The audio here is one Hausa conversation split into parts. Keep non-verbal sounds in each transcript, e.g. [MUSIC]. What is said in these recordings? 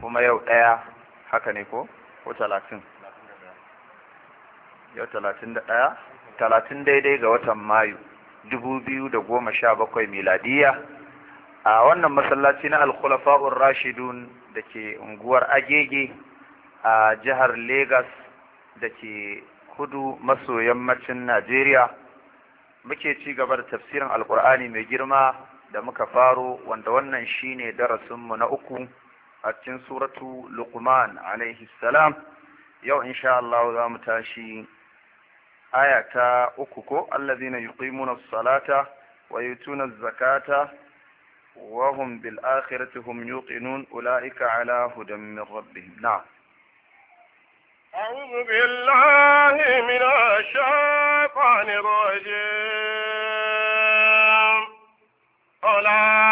kuma yau ɗaya haka ne ko ko talatin yau talatin da ɗaya talatin daidai ga watan mayu dubu biyu da goma sha bakwai miladiya a wannan masallaci na alkhulafa'ur rashidun da ke unguwar agege a jihar Legas da ke kudu maso yammacin najeriya muke ci gaba da tafsirin alkur'ani mai girma da muka faro wanda wannan shine darasinmu na uku أتن سورة لقمان عليه السلام يو إن شاء الله ذا متاشي آية أكوكو الذين يقيمون الصلاة ويؤتون الزكاة وهم بالآخرة هم يوقنون أولئك على هدى من ربهم نعم أعوذ بالله من الشيطان الرجيم أولئك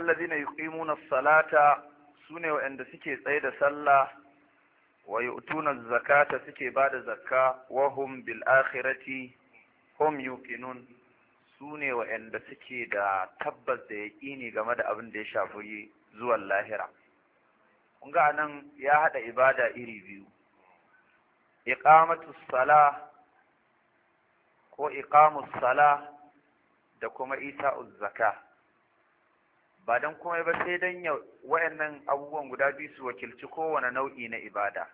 alladhina yuqimuna as-salata sune wa'anda suke tsaye da sallah wa yu'tuna zakata suke bada zakka wa hum bil akhirati hum yuqinun sune wa'anda suke da tabbas da yaqini game da abin da ya shafi zuwan lahira kun ga nan ya hada ibada iri biyu iqamatu sala ko iqamu sala da kuma ita'u zakka ba don komai ba sai don ya wayannan abubuwan guda biyu su wakilci kowane nau'i na ibada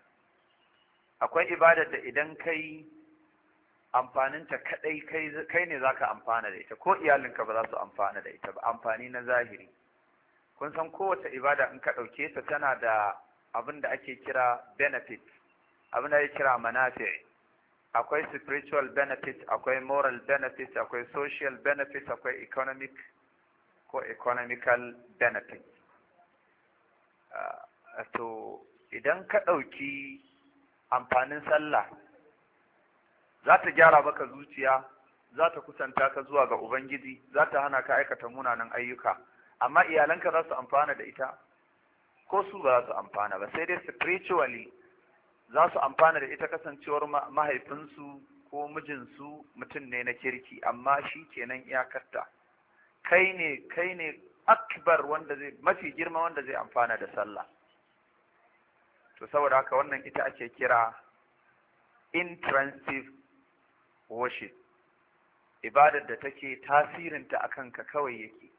akwai ibada da idan kai amfaninta kaɗai, kai ne za ka amfana da ita ko iyalinka ba za su amfana da ita ba amfani na zahiri kun san kowace ibada in ka ɗauke ta tana da abin da ake kira benefit abin da ake kira manafi akwai spiritual benefit akwai moral benefit akwai social benefit akwai economic benefit ko economical benefit ah, to idan ka ɗauki amfanin sallah za ta gyara baka zuciya za ta kusanta ka zuwa ga ubangiji za ta hana ka aikata munanan ayyuka amma iyalanka za su amfana da ita ko su ba za su amfana ba sai dai spiritually za su amfana da ita kasancewar mahaifinsu ko mijinsu mutum ne na kirki amma shi kenan iyakarta kai ne kai ne akbar wanda zai mafi girma wanda zai amfana da sallah to saboda haka wannan ita ake kira intransive worship ibadar da take tasirinta a kanka kawai yake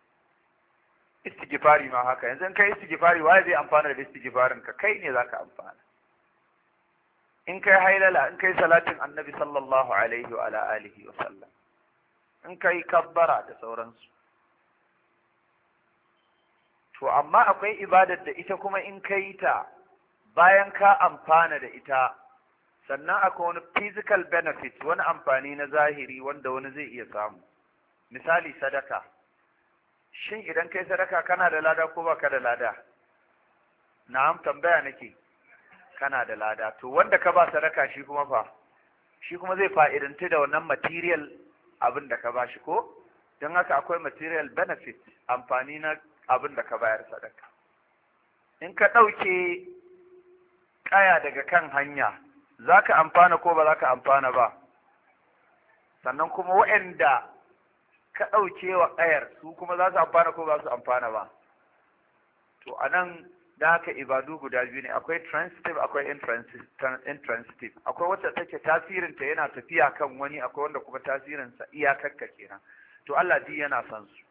istighfari ma haka yanzu in kai istighfari waye zai amfana da istighfarin ka kai ne zaka amfana in kai hailala in kai salatin annabi sallallahu alaihi wa ala alihi wa sallam in kai kabbara da sauransu to amma akwai ibadar da ita kuma in ka yi ta bayan ka amfana da ita sannan akwai wani physical benefit wani amfani na zahiri wanda wani zai iya samu misali sadaka shin idan kai sadaka kana da lada ko ba ka da lada na'am tambaya nake kana da lada to wanda ka ba sadaka shi kuma fa shi kuma zai fa'idanta da wannan material abin da ka ba shi ko don haka akwai material benefit amfani na abin da ka bayar sadaka in ka ɗauke ƙaya daga kan hanya za ka amfana ko ba za ka amfana ba sannan kuma waɗanda ka ɗauke wa ƙayar su kuma za su amfana ko ba su amfana ba to a nan da haka ibadu guda biyu ne akwai transitive akwai intransitive akwai wacce take tasirinta yana tafiya kan wani akwai wanda kuma tasirinsa iyakarka kenan to Allah yana son su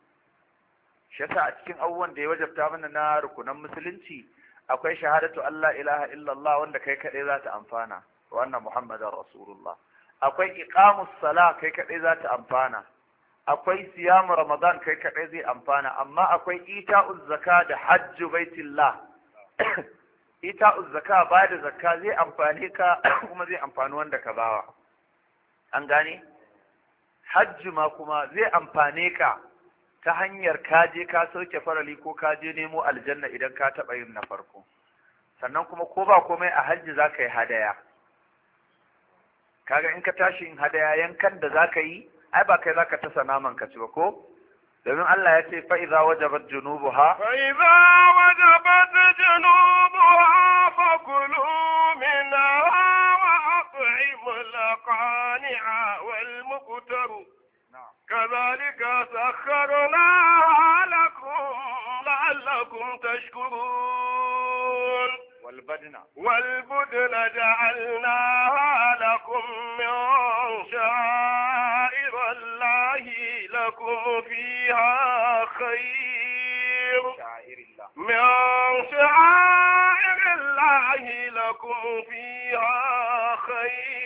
shi yasa a cikin abubuwan da ya wajabta mana na rukunan musulunci akwai shahadatu Allah ilaha illallah wanda kai kadai za ta amfana wa anna muhammadar rasulullah akwai iqamus sala kai kadai za ta amfana akwai siyamu ramadan kai kadai zai amfana amma akwai ita'uz zaka da hajj baitillah [COUGHS] ita'uz zaka ba da zakka zai amfane ka [COUGHS] kuma zai amfani wanda ka bawa an gane hajj ma kuma zai amfane ka ta hanyar ka je ka sauke farali ko ka je nemo aljanna idan ka taɓa yin na farko sannan kuma ko ba komai a hajji za ka yi hadaya kaga in ka tashi in hadaya yankan da za ka yi ai ba kai za ka tasa naman ka ci ba ko domin Allah ya ce fa'iza wajabat junubuha fa'iza wajabat junubuha Kulu. كذلك سخرناها لكم لعلكم تشكرون والبدن والبدن جعلناها لكم من شعائر الله لكم فيها خير شعائر الله من شعائر الله لكم فيها خير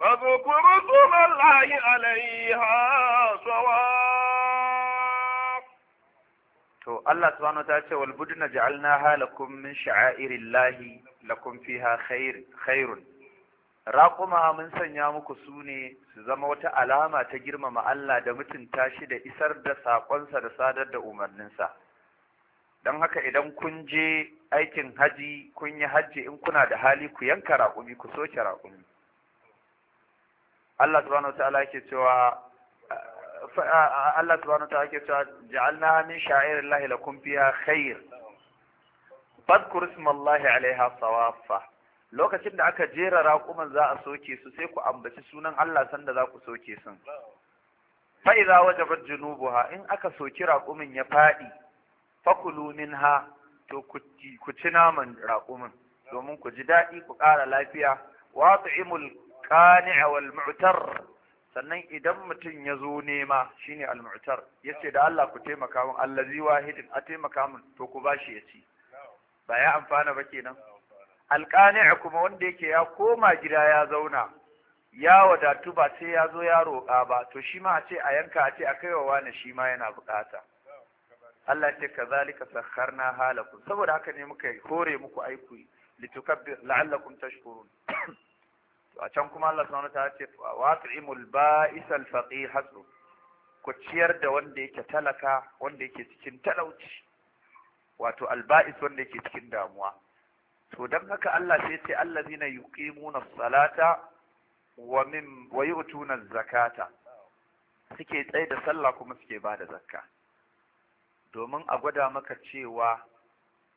فاذكروا اسم الله عليها صواب تو الله سبحانه وتعالى والبدن جعلناها لكم من شعائر الله لكم فيها خير خير raƙuma mun sanya muku su ne su zama wata alama ta girmama Allah da mutunta shi da isar da saƙonsa da sadar da umarninsa don haka idan kun je aikin haji kun yi hajji in kuna da hali ku yanka raƙumi ku soke raƙumi Allah subhanahu ta'ala yake cewa Allah subhanahu ta'ala yake cewa ja'alna min sha'irillahi lakum fiha khair fadkur ismallahi alaiha sawaffa lokacin da aka jera raƙuman za a soke su sai ku ambaci sunan Allah sanda za ku soke sun fa idza wajabat junubuha in aka soki raƙumin ya faɗi fakulu minha to ku ci naman raƙumin domin ku ji daɗi ku ƙara lafiya wa tu'imul alqani'a wal mu'tar sannan idan mutum ya zo nema shine al ya ce da Allah ku taimaka min allazi wahidin a taimaka min to ku bashi ya ci ba ya amfana ba kenan alqani'a kuma wanda yake ya koma gida ya zauna ya wadatu ba sai ya zo ya roƙa ba to shi ma a ce a yanka a ce a kai wa wani shi ma yana bukata Allah ce ka zalika sakharna halakum saboda haka ne muka hore muku aiku litukabbir la'allakum tashkurun a can kuma Allah subhanahu wa ce wa tu'imul ba'isal faqih hasbu ku ciyar da wanda yake talaka wanda yake cikin talauci wato alba'is wanda yake cikin damuwa to dan haka Allah sai ce allazina yuqimuna salata wa min wa yu'tuna zakata suke tsaye da sallah kuma suke ba da zakka domin a gwada maka cewa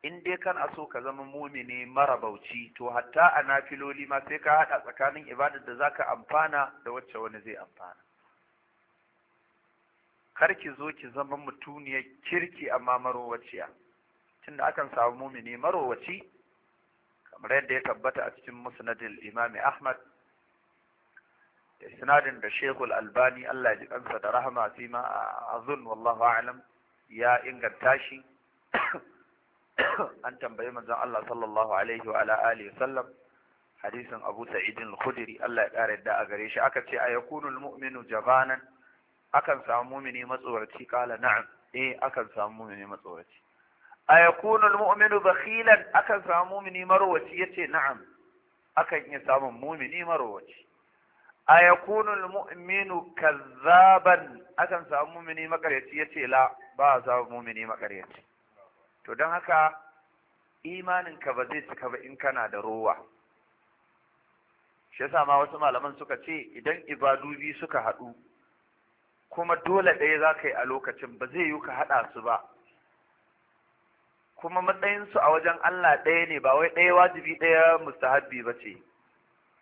in dai kana so ka zama mumini mara bauci to hatta a nafiloli ma sai ka haɗa tsakanin ibadar da zaka amfana da wacce wani zai amfana kar ki zo ki zama mutuniyar kirki amma marowaciya tunda akan samu mumini marowaci kamar yadda ya tabbata a cikin musnadil imami ahmad da sinadin da Shekhul albani allah ya ji kansa da rahama fi ma a azun wallahu a'lam ya inganta shi [COUGHS] [COUGHS] an tambayi manzon Allah sallallahu alaihi wa ala alihi sallam hadisin Abu Sa'id al-Khudri Allah ya kare da a gare shi aka ce ayakunu al-mu'minu jabanan akan samu mu'mini matsoraci kala na'am eh akan samu mu'mini matsoraci ayakunu al-mu'minu bakhilan akan samu mu'mini marwaci yace na'am akan iya samun mu'mini marwaci ayakunu al-mu'minu kazzaban akan samu mu'mini makaryaci yace la ba za mu'mini makaryaci to don haka imaninka ba zai cika ba in kana da rowa shi ma wasu malaman suka ce idan ibadu biyu suka haɗu kuma dole ɗaya za ka yi a lokacin ba zai yi ka haɗa su ba kuma matsayinsu a wajen Allah ɗaya ne ba wai ɗaya wajibi ɗaya mustahabbi ba ce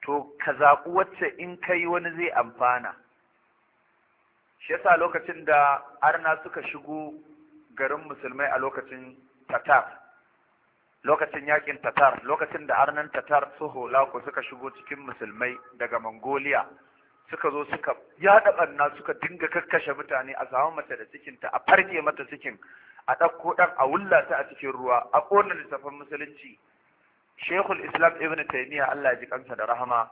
to ka zaɓi wacce in ka yi wani zai amfana shi yasa lokacin da arna suka shigo garin musulmai a lokacin tatar lokacin yakin tatar lokacin da arnan tatar su ko suka shigo cikin musulmai daga mongolia suka zo suka yaɗa banna suka dinga kakkashe mutane a samu mata da cikinta a farke mata cikin a ɗauko ɗan a wulla ta a cikin ruwa a ƙona littafin musulunci shekul islam ibn taymiya allah ji kansa da rahama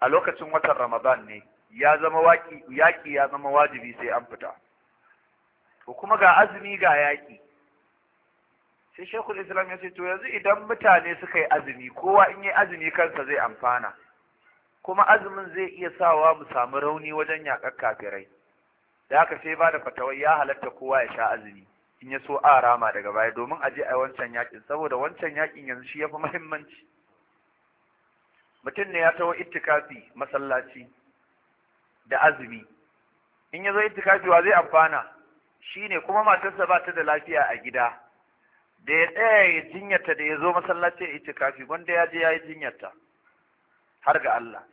a lokacin watan ramadan ne ya zama waki yaƙi ya zama wajibi sai an fita Ko kuma ga azumi ga yaƙi sai shekul islam ya ce to yanzu idan mutane suka yi azumi kowa in yi azumi kansa zai amfana kuma azumin zai iya sawa mu samu rauni wajen yakar kafirai da haka sai ba da fatawar ya halatta kowa ya sha azumi in ya so a rama daga baya domin a je a wancan yakin saboda wancan yakin yanzu shi ya fi muhimmanci mutum ne ya tawo ittikafi masallaci da azumi in ya zo ittikafi wa zai amfana shi ne kuma matarsa ba ta da lafiya a gida da ya tsaya ya jinyarta da ya zo masallaci ya ita kafi wanda ya je ya yi jinyarta har ga Allah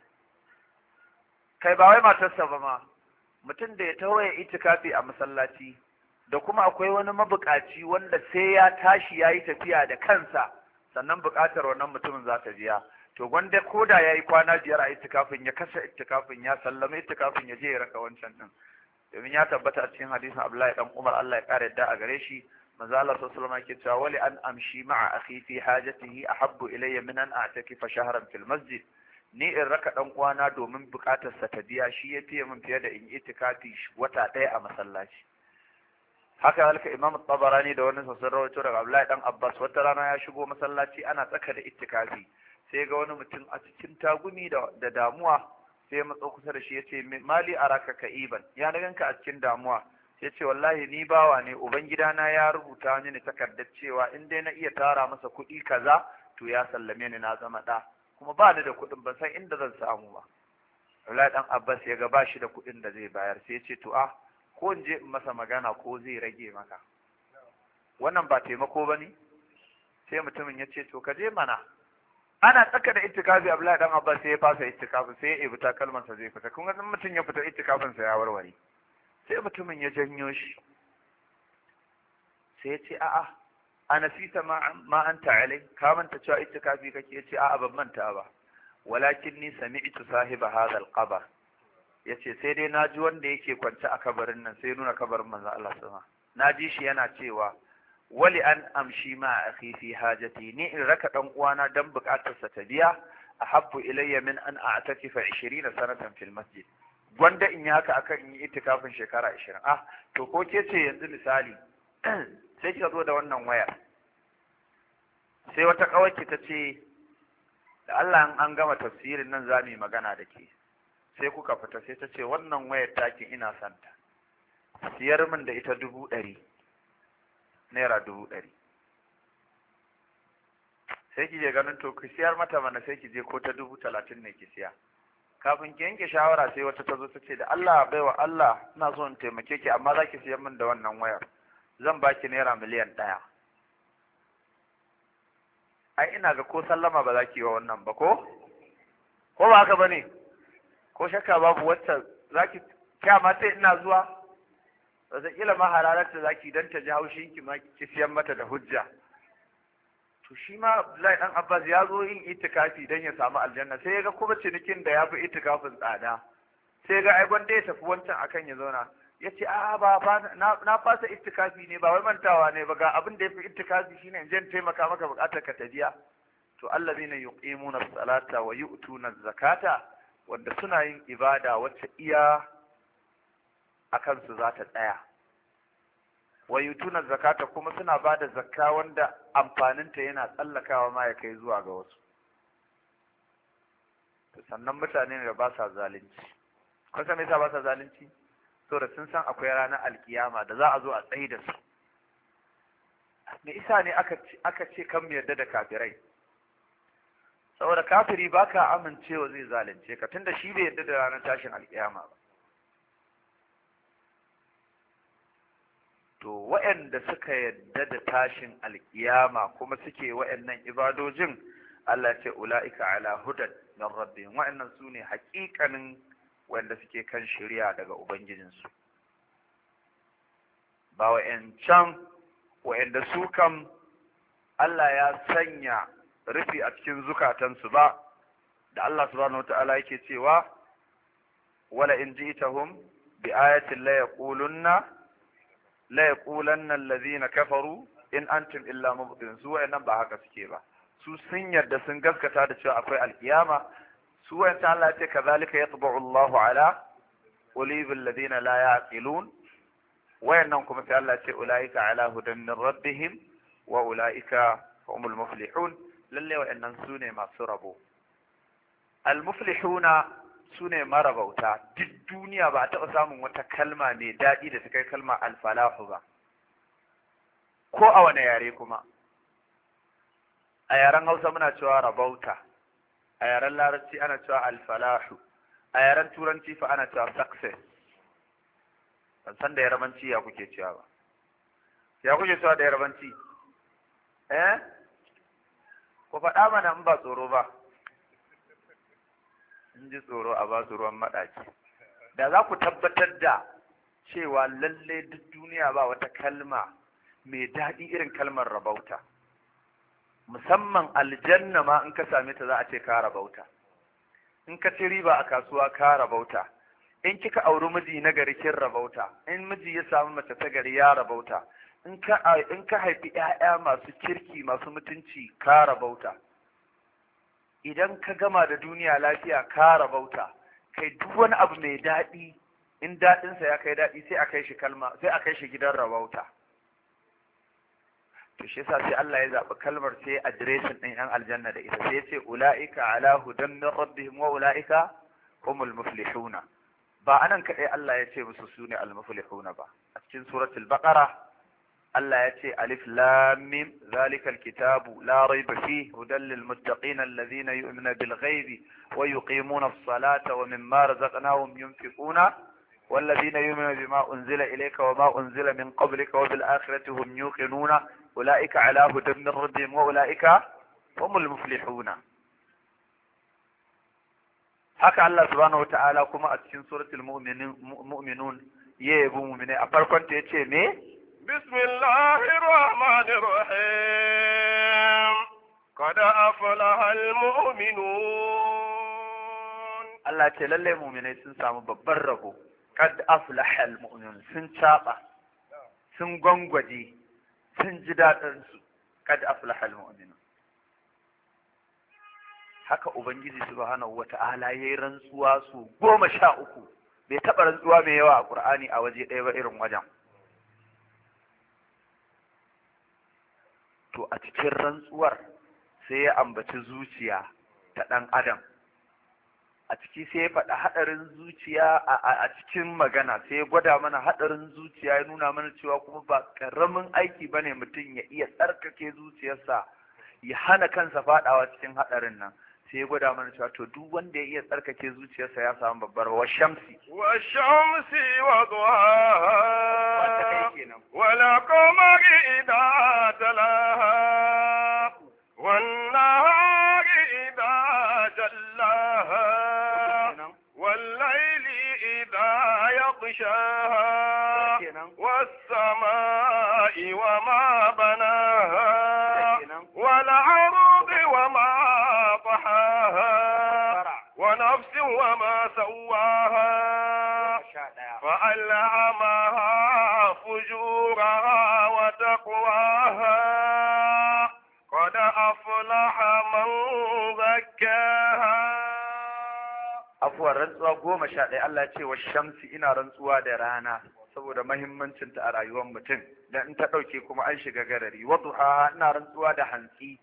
kai ba wai matarsa ba ma mutum da ya taho ya ita kafi a masallaci da kuma akwai wani mabukaci wanda sai ya tashi ya yi tafiya da kansa sannan bukatar wannan mutumin za ta biya to gwanda ko da ya yi kwana biyar a itikafin ya kasa itikafin ya sallama itikafin ya je ya raka wancan din domin ya tabbata a cikin hadisin Abdullahi dan Umar Allah ya kara yadda a gare shi manzo Allah sallallahu alaihi wasallam cewa wali an amshi ma'a akhi fi hajatihi ahabbu ilayya min an a'takifa shahran fil masjid ni in raka dan uwana domin bukatar sa ta biya shi ya fiye min fiye da in itikafi wata ɗaya a masallaci haka halka imam tabarani da wani sassan rawaito daga abdullahi dan abbas wata rana ya shigo masallaci ana tsaka da itikafi sai ga wani mutum a cikin tagumi da damuwa sai ya matso kusa da shi ya ce mali araka iban ya na ganka a cikin damuwa ya ce wallahi ni bawa ne ubangidana ya rubuta mini takardar cewa in dai na iya tara masa kuɗi kaza to ya sallame ni na zama ɗa kuma ba ni da kuɗin ban san inda zan samu ba Abdullahi dan Abbas ya ga ba shi da kuɗin da zai bayar sai ya ce to ah ko in je in masa magana ko zai rage maka wannan ba taimako ba ne sai mutumin ya ce to ka je mana ana tsaka da itikafi Abdullahi dan Abbas sai ya fasa itikafin sai ya ibi takalmansa zai fita kun ga mutum ya fita itikafin sa ya warware sai mutumin ya janyo shi sai ya ce a'a a nasita ma an ta'alai ka manta cewa ita kafi kake ya ce a'a ban manta ba walakin ni sami'tu sahiba hadal al Ya ce sai dai na ji wanda yake kwance a kabarin nan sai nuna kabarin manzo Allah sama na ji shi yana cewa wali an amshi ma akhi fi hajati ni in raka dan uwana dan bukatarsa ta biya ahabbu ilayya min an a'takifa 20 sanatan fil masjid gwanda in yi haka akan in yi itikafin shekara ashirin ah to ko ke ce yanzu misali [CLEARS THROAT] sai kika zo da wannan wayar sai wata kawai ta ce da Allah an gama tafsirin nan za mu yi magana da ke sai kuka fita sai ta ce wannan wayar takin ina santa siyar min da ita dubu ɗari naira dubu ɗari sai ki je ganin to ki siyar mata mana sai ki je ko ta dubu talatin ne ki siya kafin ki yanke shawara sai wata ta zo ta ce da Allah baiwa Allah ina so in taimake ki amma za ki siyan min da wannan wayar zan baki naira miliyan ɗaya ai ina ga ko sallama ba za ki yi wa wannan ba ko ko ba haka bane ko shakka babu wacce za ki kyama sai ina zuwa wataƙila ma hararar ta za ki don ta ji haushin ki ma ki siyan mata da hujja to shi ma Abdullahi dan Abbas ya zo yin itikafi dan ya samu aljanna sai ya ga kuma cinikin da ya fi itikafin tsada sai ga ai gwanda ya tafi wancan akan ya zauna ya ce a'a ba na fasa itikafi ne ba wai mantawa ne ba ga abin da ya fi itikafi shine in je taimaka maka bukatar ka ta biya to allazina yuqimuna salata wa yu'tuna zakata wanda suna yin ibada wacce iya akan su za ta tsaya wa yutuna zakata kuma suna ba da zakka wanda amfaninta yana tsallakawa ma ya kai zuwa ga wasu sannan mutane ne da ba sa zalunci kun san me yasa ba sa zalunci da sun san akwai ranar alkiyama da za a zo a tsayi da su me isa ne aka ce kan mu yarda da kafirai saboda kafiri baka amincewa zai zalunce ka tunda shi bai yarda da ranar tashin alkiyama ba waɗanda suka yadda da tashin alkiyama kuma suke waɗannan ibadojin Allah ce ula'ika ala hudan min rabbi waɗannan su ne haƙiƙanin waɗanda suke kan shari'a daga ubangijinsu ba waɗancan waɗanda su kam Allah ya sanya rufi a cikin zukatansu ba da Allah subhanahu wata'ala yake cewa wala in ji'tahum bi ayatin la yaqulunna la nan allazina kafaru in antum illa mubtilun su wayannan ba haka suke ba su sun yarda sun gaskata da cewa akwai alkiyama su wayanta Allah ce kazalika yatba'u Allahu ala qulubil ladina la yaqilun wayannan kuma sai Allah ce ulaika ala hudan min rabbihim wa ulaika humul muflihun lalle wayannan su ne masu rabo al muflihuna su ne marabauta duk duniya ba a taɓa samun wata kalma mai daɗi da ta kai kalma alfalahu ba ko a wane yare kuma a yaren hausa muna cewa rabauta a yaren larabci ana cewa alfalahu a yaren turanci fa ana cewa success ban san da yarabanci ya kuke cewa ba ya kuke cewa da yarabanci eh ku faɗa mana in ba tsoro ba sun ji tsoro a basu ruwan maɗaki. da za ku tabbatar da cewa lalle duk duniya ba wata kalma mai daɗi irin kalmar rabauta musamman aljanna ma in ka same ta za a ce ka rabauta in ka ci riba a kasuwa ka rabauta in kika auri miji na gari kin rabauta in miji ya samu mace ta gari ya rabauta in ka haifi 'ya'ya masu kirki masu mutunci ka rabauta idan ka gama da duniya lafiya ka rabauta kai duk wani abu mai daɗi in daɗinsa ya kai daɗi sai a kai shi kalma sai a kai shi gidan rabauta to shi yasa sai Allah ya zaɓi kalmar sai adireshin ɗin yan aljanna da ita sai ya ce ula'ika ala hudan min rabbihim wa ula'ika humul muflihuna ba anan kaɗai Allah ya ce musu sune al muflihuna ba a cikin suratul baqara الله يأتي ألف لام ذلك الكتاب لا ريب فيه هدى للمتقين الذين يؤمنون بالغيب ويقيمون الصلاة ومما رزقناهم ينفقون والذين يؤمنون بما أنزل إليك وما أنزل من قبلك وبالآخرة هم يوقنون أولئك على هدى من ربهم وأولئك هم المفلحون حكى الله سبحانه وتعالى كما أتشين سورة المؤمنون يا أبو مؤمنين أفرقون تيتشي مي بسم الله الرحمن الرحيم قد أفلح المؤمنون الله تعالى المؤمنين سنسام ببربو قد أفلح المؤمنون سنشاقة سنغنغدي سنجدات قد أفلح المؤمنون haka Ubangiji subhanahu wa ta'ala ya yi rantsuwa su goma sha uku, bai taɓa rantsuwa mai yawa a ƙur'ani a waje ɗaya ba irin wajen. to a cikin rantsuwar sai ya ambaci zuciya ta ɗan adam a ciki sai ya faɗa haɗarin zuciya a cikin magana sai ya gwada mana haɗarin zuciya ya nuna mana cewa kuma ba ƙaramin aiki ba ne mutum ya iya tsarkake zuciyarsa ya hana kansa faɗawa cikin haɗarin nan sai gwada mana cewa to duk wanda ya iya tsarkake zuciyarsa ya samu babbar wa shamsi wa shamsi wa duha wala qamari idha talaha wan nahari idha jallaha wal layli idha yaghshaha wa samai wa ma نفس وما سواها فألهمها فجورها وتقواها قد أفلح من زكاها afuwar rantsuwa goma sha ɗaya Allah ce wa shamsi ina rantsuwa da rana saboda mahimmancinta a rayuwar mutum da in ta ɗauke kuma an shiga garari waduha ina rantsuwa da hantsi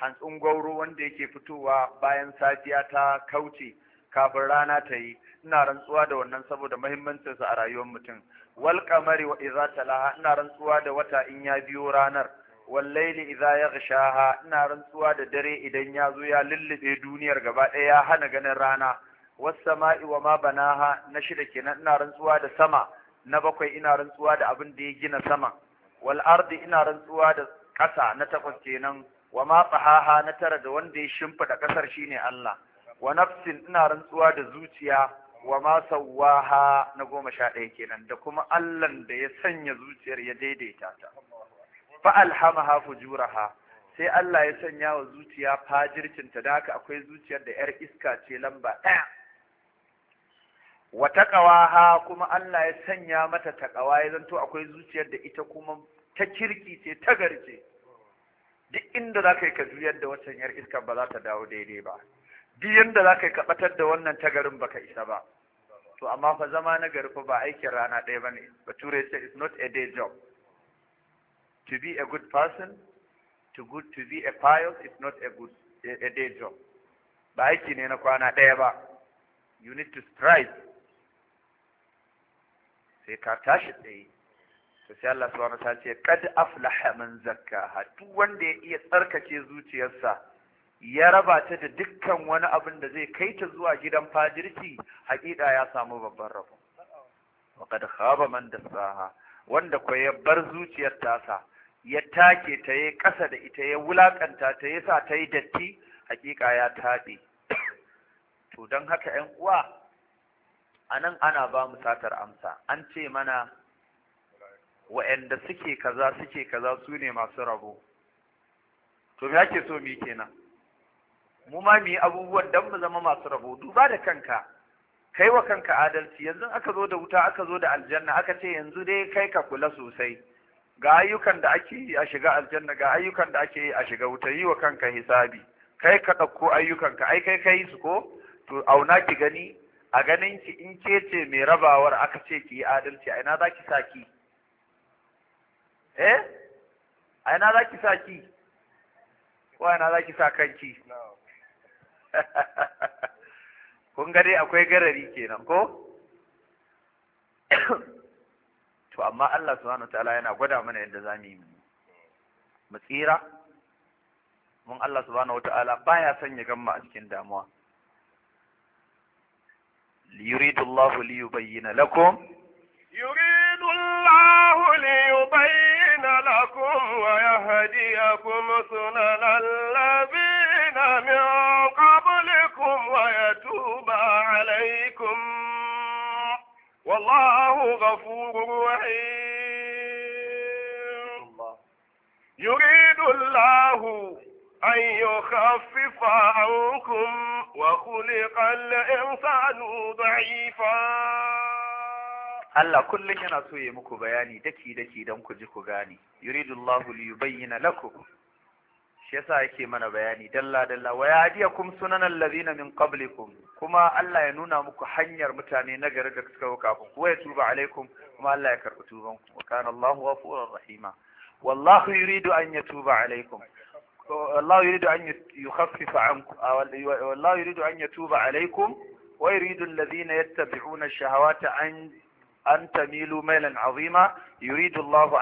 hantsin gwauro wanda yake fitowa bayan safiya ta kauce kafin rana ta yi ina rantsuwa da wannan saboda muhimmancin sa a rayuwar mutum wal qamari wa idza talaha ina rantsuwa da wata in ya biyo ranar wal layli idza yaghshaha ina rantsuwa da dare idan ya zo ya lullube duniyar gaba ɗaya ya hana ganin rana was sama'i wa ma banaha na shida kenan ina rantsuwa da sama na bakwai ina rantsuwa da abin da ya gina sama wal ardi ina rantsuwa da ƙasa na takwas kenan wa ma fahaha na tara da wanda ya shimfiɗa ƙasar shine Allah wa nafsin ina rantsuwa da zuciya wa ma sawaha na goma sha ɗaya kenan da kuma Allahn da ya sanya zuciyar ya daidaita ta fa alhamaha fujuraha sai Allah ya sanya wa zuciya fajircinta da haka akwai zuciyar da ‘yar iska ce lamba ɗaya. Wa taƙawaha kuma Allah ya sanya mata taqawa ya zanto akwai zuciyar da ita kuma ta kirki ce ta garje. Duk inda za ka yi ka juyar da wancan ‘yar iska ba za ta dawo daidai ba. duk yanda za ka yi kaɓatar da wannan tagarin baka isa ba to amma fa zama na gari fa ba aikin rana ɗaya ba ne Ba ture ce it's not a day job to be a good person to good to be a pious it's not a good a day job ba aiki ne na kwana ɗaya ba you need to strive sai ka tashi tsaye to sai Allah subhanahu wa ta'ala ce kad aflaha man zakka, duk wanda ya iya tsarkake zuciyarsa ya raba ta da dukkan wani abin da zai kai ta zuwa gidan fajirci hakika ya samu babban rabo waqad khaba man dassaha wanda ko ya bar zuciyar tasa ya take ta yi ƙasa da ita ya wulakanta ta yasa ta yi datti haƙiƙa ya taɓe to don haka 'yan uwa anan ana ba mu satar amsa an ce mana wa'anda suke kaza suke kaza su ne masu rabo to me ake so mu kenan mu ma mu yi abubuwan dan mu zama masu rabo duba da kanka kai wa kanka adalci yanzu aka zo da wuta aka zo da aljanna aka ce yanzu dai kai ka kula sosai ga ayyukan da ake yi a shiga aljanna ga ayyukan da ake yi a shiga wuta yi wa kanka hisabi kai ka ɗauko ayyukanka ai kai ka yi su ko to auna ki gani a ganin ki in ke ce mai rabawar aka ce ki yi adalci a ina za ki sa ki eh a ina za ki sa ki ko a ina za ki sa kanki [LAUGHS] kun ga dai akwai garari kenan ko [COUGHS] to amma Allah subhanahu wataala yana gwada mana yadda za mu yi mu tsira mun Allah subhanahu wataala baya son ya gamma a cikin damuwa yuridu Allah li yubayyana lakum yuridu Allah li yubayyana lakum wa yahdiyakum sunanal ladina min والله غفور رحيم يريد الله أن يخفف عنكم وخلق الإنسان ضعيفا Allah kullum yana so ya muku bayani daki daki don ku ji ku gane yuridullahu liyubayyana lakum shi yasa yake mana bayani dalla dalla wa kum sunan allazina min qablikum kuma Allah ya nuna muku hanyar mutane na gari da suka kafin ku ya tuba alaikum kuma Allah ya karbi tuban ku wa kana Allahu ghafurur rahima wallahu yuridu an yatuba alaikum والله يريد أن يخفف عنكم والله يريد أن يتوب عليكم ويريد الذين يتبعون an أن أن تميلوا ميلا عظيما يريد الله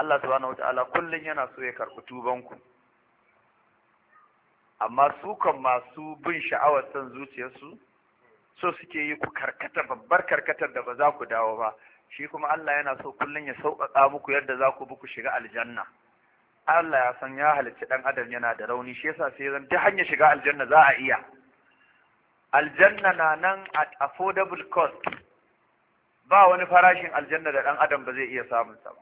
Allah subhanahu wata'ala kullum yana so ya karɓi tubanku amma su kan masu bin sha'awar son zuciyarsu so suke yi ku karkatar babbar karkatar da ba za ku dawo ba shi kuma Allah yana so kullum ya sauƙaƙa muku yadda za ku bi ku shiga aljanna Allah ya san ya halicci ɗan adam yana da rauni shi yasa sai zan ta hanyar shiga aljanna za a iya aljanna na nan at affordable cost ba wani farashin aljanna da ɗan adam ba zai iya samun sa ba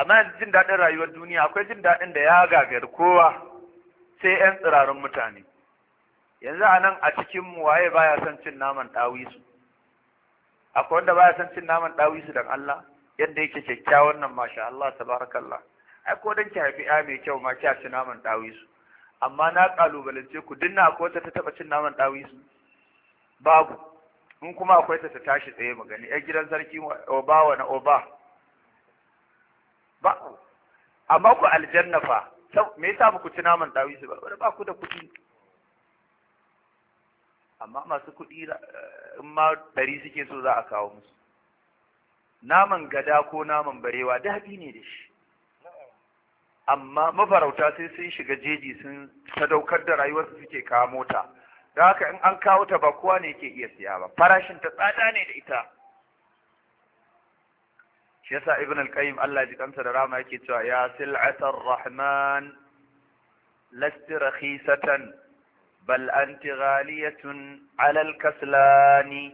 amma yanzu jin daɗin rayuwar duniya akwai jin daɗin da ya gagar kowa sai 'yan tsirarin mutane yanzu a nan a cikin mu waye baya son cin naman ɗawisu akwai wanda baya son cin naman ɗawisu don Allah yadda yake kyakkyawan nan masha Allah tabarakallah ai ko dan ki haifi ya mai kyau ma kya ci naman ɗawisu amma na kalubalance ku dinna akwai wata ta taɓa cin naman ɗawisu babu in kuma akwai ta ta tashi tsaye magani. gani gidan sarki oba wa na oba ba amma ku aljanna fa me yasa ba ku ci naman dawisu ba Wani ba ku da kuɗi amma masu kuɗi eh, in ma ɗari suke so za a kawo musu naman gada ko naman barewa daɗi ne da shi amma mafarauta sai sun shiga jeji sun sadaukar da rayuwar rayuwarsu suke kawo mota da haka in an kawo ta ba kowa ne ke iya siya ba farashin ta tsada ne da ita شيسا ابن الكيم الله يجيك أنت دراما يكتوى يا سلعة الرحمن لست رخيصة بل أنت غالية على الكسلان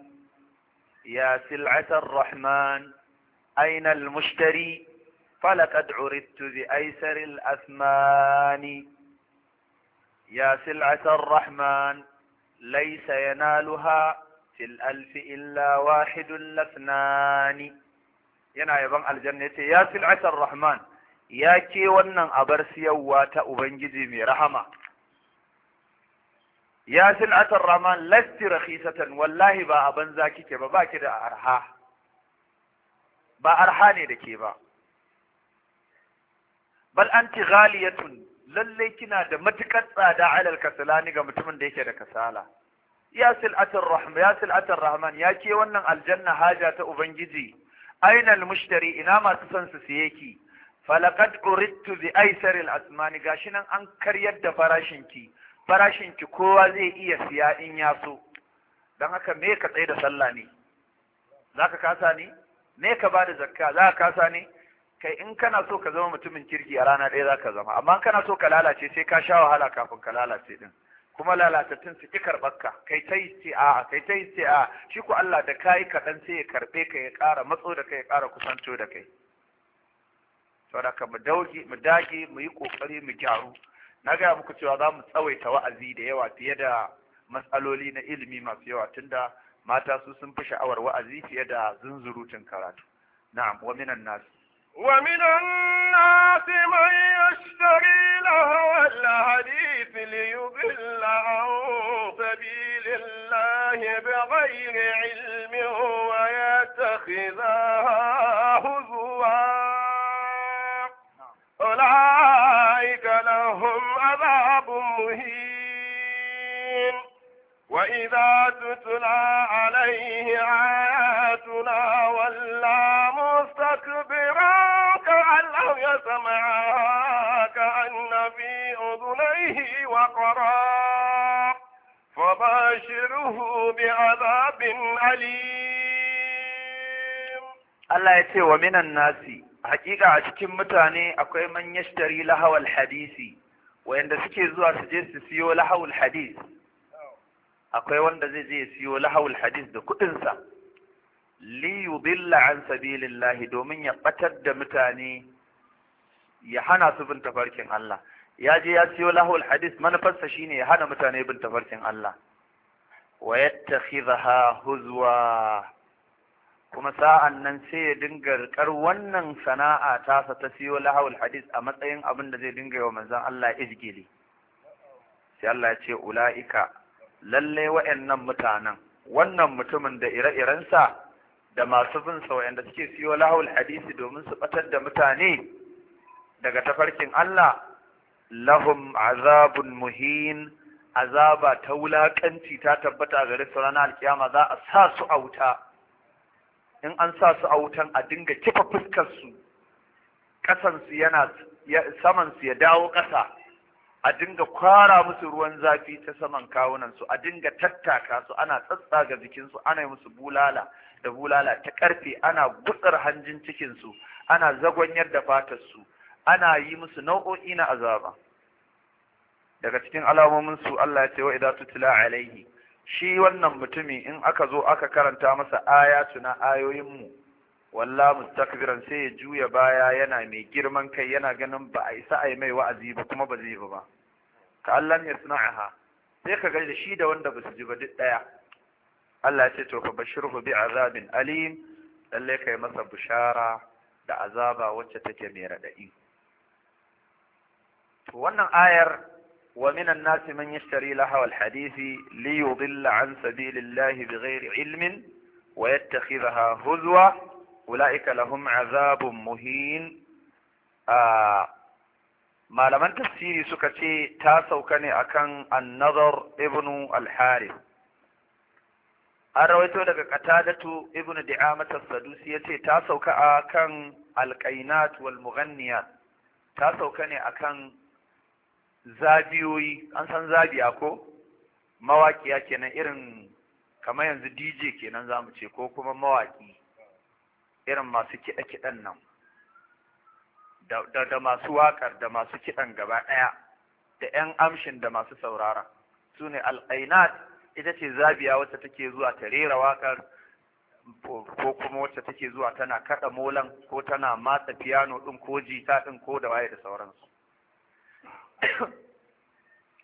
يا سلعة الرحمن أين المشتري فلقد عرضت بأيسر الأثمان يا سلعة الرحمن ليس ينالها في الألف إلا واحد لاثنان yana yaban aljanna yace ya sil'atar rahman ya ke wannan abar siyarwa ta ubangiji mai rahama ya sil'atar rahman lasti rakhisatan wallahi ba a banza kike ba ki da arha ba arha ne da ke ba bal anti ghaliyatun lallai kina da matukar tsada alal kasalani ga mutumin da yake da kasala ya sil'atar rahman ya sil'atar rahman ya ke wannan aljanna haja ta ubangiji ainal mushtari ina masu son su siye ki falaqad uridtu bi aisar al asmani gashi nan an karyar da farashin ki farashin ki kowa zai iya siya in ya so Don haka me ka tsaye da sallah ne ka kasa ne me ka da zakka ka kasa ne kai in kana so ka zama mutumin kirki a rana ɗaya zaka zama amma kana so ka lalace sai ka sha wahala kafin ka lalace din kuma lalatattun su ki karɓar ka kai ta yi isti'a kai ta yi isti'a shi ku Allah da ka yi kaɗan sai ya karɓe ka ya ƙara matso da kai ya ƙara kusanto da kai saboda ka mu dauki mu dage mu yi ƙoƙari mu gyaru na gaya muku cewa za mu tsawaita wa'azi da yawa fiye da matsaloli na ilimi masu yawa tunda mata su sun fi sha'awar wa'azi fiye da zunzurutun karatu na'am wa minan nasu ومن الناس من يشتري له الحديث ليضل عن سبيل الله بغير علم ويتخذها هزوا أولئك لهم عذاب مهين وإذا تتلى عليه عاد ربنا ولا مستكبرا كأن لم يسمع كأن في أذنيه وقرا فباشره بعذاب أليم الله يتي ومن الناس حقيقة أشكم متاني أكوي من يشتري لها الحديث wayanda دسكي zuwa سجيس سيو لها siyo lahawul hadis akwai wanda zai je siyo lahawul hadis da kudinsa li yudilla an sabilillahi domin ya batar da mutane ya hana su bin tafarkin Allah ya je ya siyo lahul hadis manufarsa shine ya hana mutane bin tafarkin Allah wa yattakhidha huzwa kuma sa'an nan sai ya dinga rikar wannan sana'a ta sa ta siyo lahawul hadis a matsayin abin da zai dinga yi wa manzon Allah izgili sai Allah ya ce ula'ika lallai waɗannan mutanen wannan mutumin da ire-irensa da masu bin sa wayanda suke siyo lahul hadisi domin su batar da mutane daga tafarkin Allah lahum azabun muhin azaba ta wulakanci ta tabbata ga su ranar alkiyama za a sa su a wuta in an sa su a wutan a dinga kifa fuskar su kasan su yana saman su ya dawo kasa a dinga kwara musu ruwan zafi ta saman kawunansu a dinga tattaka su ana jikin jikinsu ana musu bulala da bulala ta karfe ana gutsar hanjin cikin su ana zagonyar da fatar su ana yi musu nau'o'i na azaba daga cikin alamomin su Allah ya ce wa idza tutla alaihi shi wannan mutumi in aka zo aka karanta masa na ayoyin mu walla mustakbiran sai ya juya baya yana mai girman kai yana ganin ba a isa a yi mai wa'azi ba kuma ba zai ba ka Allah ya suna'aha sai ka gani da shi da wanda ba su ji ba duk daya Allah ya ce to fa bashirhu bi azabin alim lalle kai masa bushara da azaba wacce take mai radadi to wannan ayar wa minan nasi man yashtari lahawal hadisi li yudilla an sabilillahi bighairi ilmin wa yattakhidha huzwa ula'ika lahum azabun muhin malaman tafsiri suka ce ta sauka ne akan annazar ibnu al-harith an rawaito daga qatadatu ibnu di'amat as-sadusi yace ta sauka akan al wal mughanniya ta sauka ne akan zabiyoyi an san zabiya ko mawaƙiya kenan irin kamar yanzu DJ kenan zamu ce ko kuma mawaki? irin masu kiɗa-kiɗan nan da masu waƙar da masu kiɗan gaba ɗaya da 'yan amshin da masu saurara su ne al'ainat ita ce zabiya wacce take zuwa ta rera waƙar ko kuma wacce take zuwa tana kaɗa molan ko tana matsa fiyano ɗin ko jita ɗin ko da waye da sauransu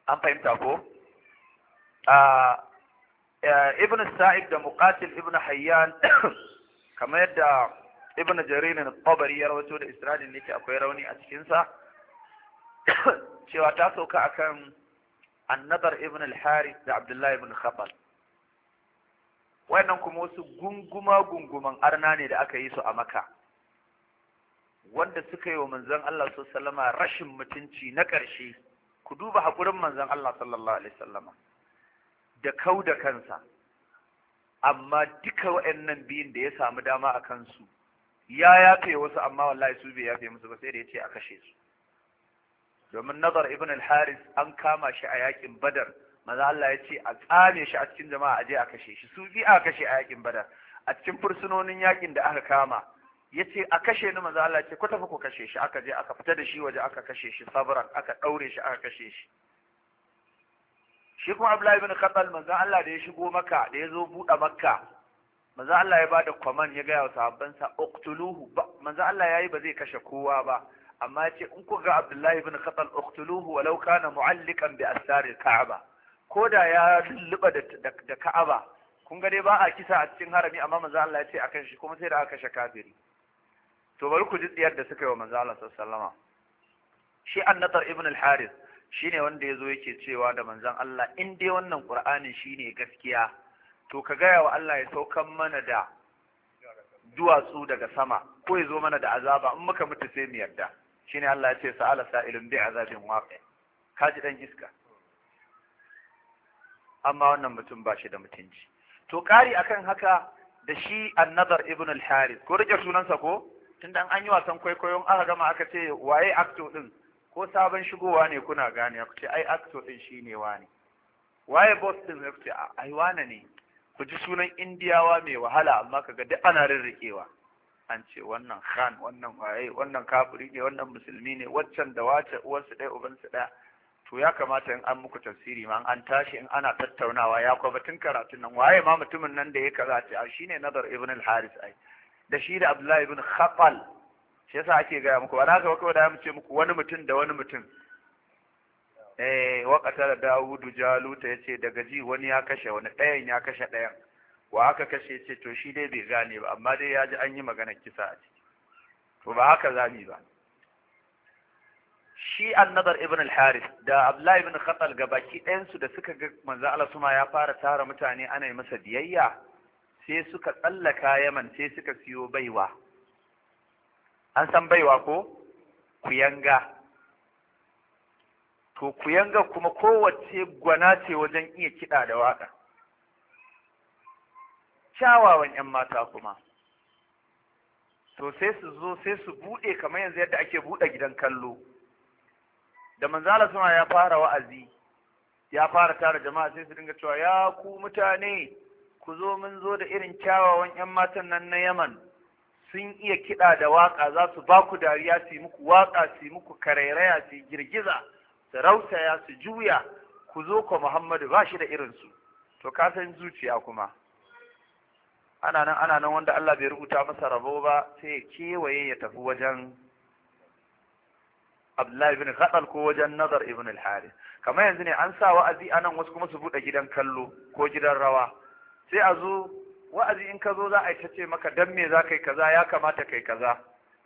an fahimta ko ah, eh, ibn sa'id da muqatil ibn hayyan kamar yadda ibn jaririn kabari ya rawato da isradin yake akwai rauni a cikin sa cewa ta sauka akan annabar ibn al harith da abdullahi ibn khabal wayannan kuma wasu gunguma gunguman arna ne da aka yi su a maka wanda suka yi wa manzon Allah alaihi rashin mutunci na ƙarshe ku duba hakurin manzon Allah sallallahu alaihi da kau da kansa amma duka waɗannan biyun da ya samu dama a kansu ya yafe wasu amma wallahi su bai yafe musu ba sai da ya ce a kashe su domin nazar ibn al-haris an kama shi a yakin badar maza Allah ya ce a tsame shi a cikin jama'a aje a kashe shi su bi a kashe a yakin badar a cikin fursunonin yakin da aka kama ya ce a kashe ni maza Allah ya ce ku tafi ku kashe shi aka je aka fita da shi waje aka kashe shi sabran aka ɗaure shi aka kashe shi shi kuma abdullahi bin khatal manzon Allah da ya shigo maka da ya zo buɗe makka manzon Allah ya bada kwaman ya gaya wa sahabbansa uqtuluhu manzon Allah yayi ba zai kashe kowa ba amma ya ce in ku ga abdullahi bin khatal uqtuluhu walau kana mu'allikan bi asaril ka'aba ko da ya lulluba da ka'aba kun ga dai ba a kisa a cikin harami amma manzon Allah ya ce akan shi kuma sai da aka kashe kafiri to bari ku ji tsiyar da suka yi wa manzon Allah sallallahu alaihi wasallama shi annatar ibn al-harith shine wanda ya zo yake cewa da manzon Allah in dai wannan qur'anin shine gaskiya to ka gaya wa Allah ya saukan mana da duwatsu daga sama ko ya zo mana da azaba in muka mutu sai mu yarda shine Allah ya ce sa'ala sa'ilun bi azabin waqi ji dan iska amma wannan mutum ba shi da mutunci to kari akan haka da shi annadar ibn al-harith ko rike sunansa ko tunda an yi wasan kwaikwayon aka gama aka ce waye acto din ko sabon shigowa ne kuna gane ku ce ai acto din shine wani waye boss din ya ce ai wane ne ku ji sunan indiyawa mai wahala amma kaga duk ana rirrikewa an ce wannan khan wannan waye wannan kafiri ne wannan musulmi ne waccan da wace uwarsu ɗaya ubansu ɗaya to ya kamata in an muku tafsiri ma an tashi in ana tattaunawa ya kwa batun karatun nan waye ma mutumin nan da ya kaza ce a shine nazar ibn al-haris ai da shi da abdullahi ibn khafal shi yasa ake gaya muku ba na ga kawai da ce muku wani mutum da wani mutum eh qatala daudu jaluta yace daga ji wani ya kashe wani ɗayan ya kashe ɗayan wa aka kashe yace to shi dai bai gane ba amma dai ya ji an yi magana kisa a ciki to ba haka zani ba shi annabar ibn al-haris da abdullahi ibn khatal gabaki ɗayansu da suka ga manzo Allah suma ya fara tara mutane ana yi masa biyayya sai suka tsallaka yaman sai suka siyo baiwa an san baiwa ko ku yanga. to ku yanga kuma kowace gwana ce wajen iya kiɗa da waka kyawawan 'yan mata kuma to sai su zo sai su buɗe kamar yanzu yadda ake buɗe gidan kallo da manzala suna ya fara wa'azi ya fara tara jama'a sai su dinga cewa ya ku mutane ku zo mun zo da irin kyawawan 'yan matan nan na yaman sun iya kiɗa da waƙa za su ba ku dariya su yi muku waƙa su yi muku karairaya su girgiza su rautaya su juya ku zo ku muhammadu ba shi da irinsu to ka san zuciya kuma ana nan ana nan wanda Allah bai rubuta masa rabo ba sai ya kewaye ya tafi wajen Abdullahi ibn Khadal ko wajen Nazar ibn al-Harith kamar yanzu ne an sa wa'azi anan wasu kuma su buɗe gidan kallo ko gidan rawa sai a zo wa'azi in ka zo za a yi ta ce maka dan me za ka yi kaza ya kamata kai kaza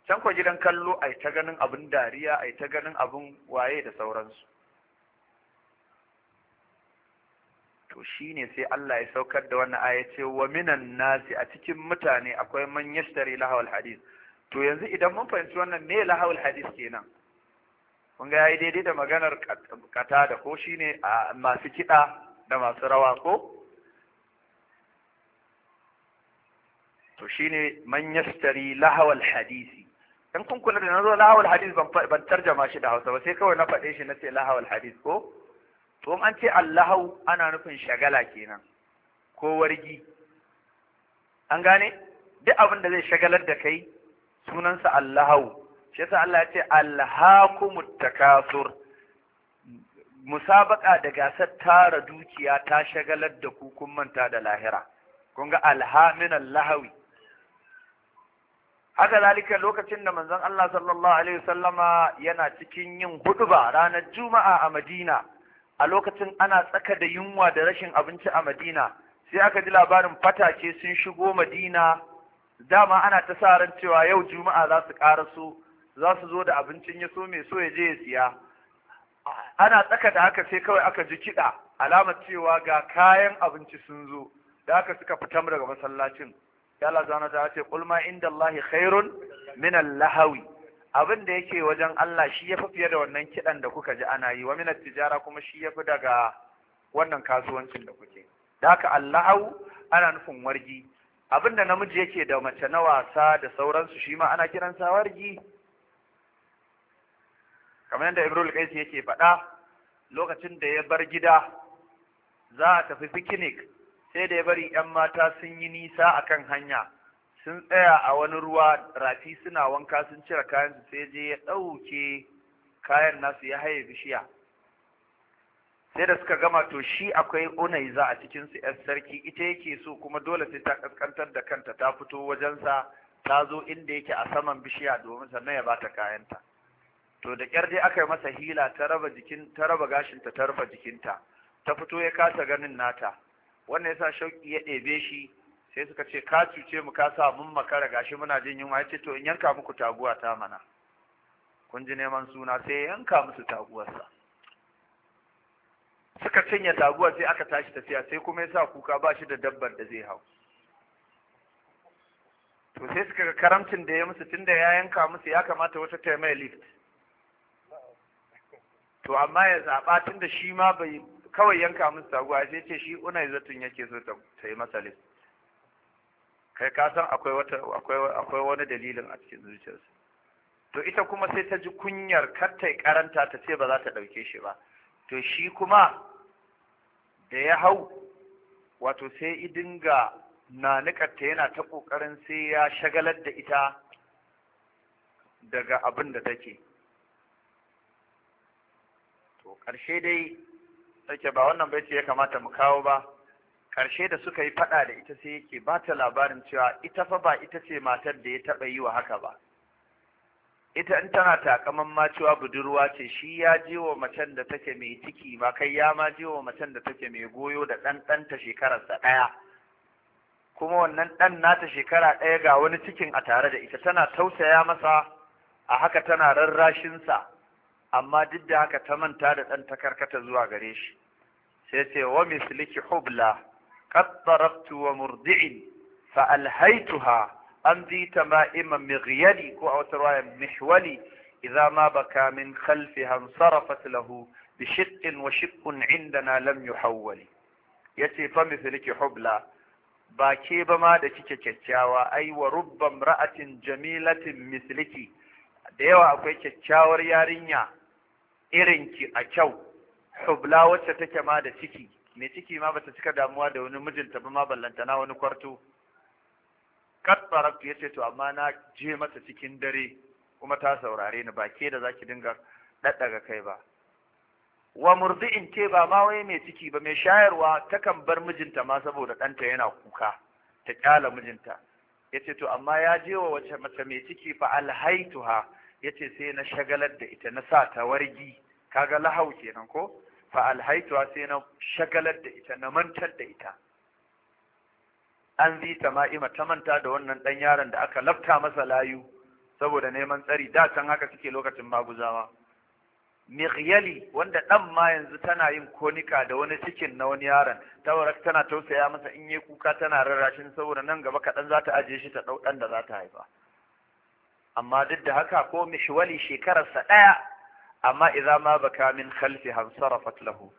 can kwa gidan kallo a yi ta ganin abin dariya a yi ta ganin abin waye da sauransu to shine sai Allah ya saukar da wannan aya ce wa minan nasi a cikin mutane akwai man yastari lahawal hadith to yanzu idan mun fahimci wannan me lahawal hadith kenan kun ga yayi daidai da maganar kata da ko shine masu kiɗa da masu rawa ko to shine man lahawal hadisi in kun kula da nazo lahawal hadis ban ban tarjama shi da Hausa ba sai kawai na faɗe shi na ce lahawal hadis ko to an ce allahu ana nufin shagala kenan ko wargi an gane duk abin da zai shagalar da kai sunansa allahu shi yasa Allah ya ce alhakumut takasur musabaka da gasar tara dukiya ta shagalar da ku kun manta da lahira kun ga alha min allahawi haka lokacin da manzon Allah sallallahu alaihi wasallama yana cikin yin huduba ranar juma'a a Madina a lokacin ana tsaka da yunwa da rashin abinci a Madina sai aka ji labarin fatake sun shigo Madina dama ana ta sa ran cewa yau juma'a za su karaso za su zo da abincin ya so mai so ya je ya siya ana tsaka da haka sai kawai aka ji kiɗa alamar cewa ga kayan abinci sun zo da haka suka fitar daga masallacin ya Allah subhanahu ta ce kulma ma inda Allah khairun min lahawi abin da yake wajen Allah shi yafi fiye da wannan kidan da kuka ji ana yi wa min tijara kuma shi yafi daga wannan kasuwancin da kuke da haka allahu ana nufin wargi abin da namiji yake da mace na wasa da sauransu shi ma ana kiransa wargi kamar yadda Ibrahim kaisi yake faɗa lokacin da ya bar gida za a tafi picnic sai da ya bari 'yan mata sun yi nisa a kan hanya sun tsaya a wani ruwa rafi suna wanka sun cire kayan su sai je ya ɗauke kayan nasu ya haye bishiya sai da suka gama to shi akwai unaiza a cikinsu su yan sarki ita yake so kuma dole sai ta ƙasƙantar da kanta ta fito wajensa ta zo inda yake a saman bishiya domin sannan ya bata kayanta to da ƙyar dai aka yi masa hila ta raba ta raba gashinta ta rufe jikinta ta fito ya kasa ganin nata wannan yasa shauki ya ɗebe shi sai suka ce ka cuce mu ka sa mun makara gashi muna jin yunwa ya ce to in yanka muku taguwa ta mana kun ji neman suna sai yanka musu taguwarsa suka cinye taguwar sai aka tashi tafiya sai kuma ya sa kuka ba shi da dabbar da zai hau to sai suka ga karamcin da ya musu tunda ya yanka musu ya kamata wata ta mai lift to amma ya zaɓa tunda shi ma bai kawai yanka musu a sai ce shi unai zatun yake so ta yi masa list kai ka san akwai wata akwai akwai wani dalilin a cikin zuciyarsa to ita kuma sai ta ji kunyar kar ta karanta ta ce ba za ta dauke shi ba to shi kuma da ya hau wato sai i dinga nanikarta yana ta kokarin sai ya shagalar da ita daga abin da take to ƙarshe dai sake ba wannan baiti ya kamata mu kawo ba karshe da suka yi faɗa da ita sai yake ba ta labarin cewa ita fa ba ita ce matar da ya taɓa yi wa haka ba ita in tana takaman ma cewa budurwa ce shi ya je wa macen da take mai ciki ba kai ya ma je wa macen da take mai goyo da ɗan shekarar shekararsa ɗaya kuma wannan ɗan nata shekara ɗaya ga wani cikin a tare da ita tana tausaya masa a haka tana rarrashinsa amma duk da haka ta manta da ɗan takarkata zuwa gare shi sai ce wa misliki hubla qad darabtu wa murdi'in fa alhaytuha an zi tama'iman mighyali ko a wata ruwayan mihwali idza ma baka min khalfiha sarafat lahu bi shiqqin wa shiqqun indana lam yuhawwali yace fa misliki hubla ba ke ba ma da kike kyakkyawa ai wa rubbam ra'atin jamilatin misliki da yawa akwai kyakkyawar yarinya ki a kyau hubla wacce take ma da ciki mai ciki ma bata cika damuwa da wani mijinta ba ma ballantana wani kwarto katfarabtu ya ce to amma na je mata cikin dare kuma ta saurare ni ba ke da zaki dinga ga kai ba wa murdi'in ke ba ma wai mai ciki ba mai shayarwa ta kan bar mijinta ma saboda ɗanta yana kuka ta kyala mijinta ya ce to amma ya je wa wace mace mai ciki fa alhaituha ya ce sai na shagalar da ita na sa ta wargi kaga lahau kenan ko fa alhaituwa sai na shagalar da ita na mantar da ita an zi ta ma'ima ta manta da wannan dan yaron da aka lafta masa layu saboda neman tsari da can haka suke lokacin maguzawa miryali wanda ɗan ma yanzu tana yin konika da wani cikin na wani yaron tawarak tana tausaya masa in yi kuka tana rarrashin saboda nan gaba kaɗan za ta ajiye shi ta ɗau ɗan da za ta haifa amma duk da haka ko mishwali shekararsa ɗaya amma idza ma baka min khalfi sarafat lahu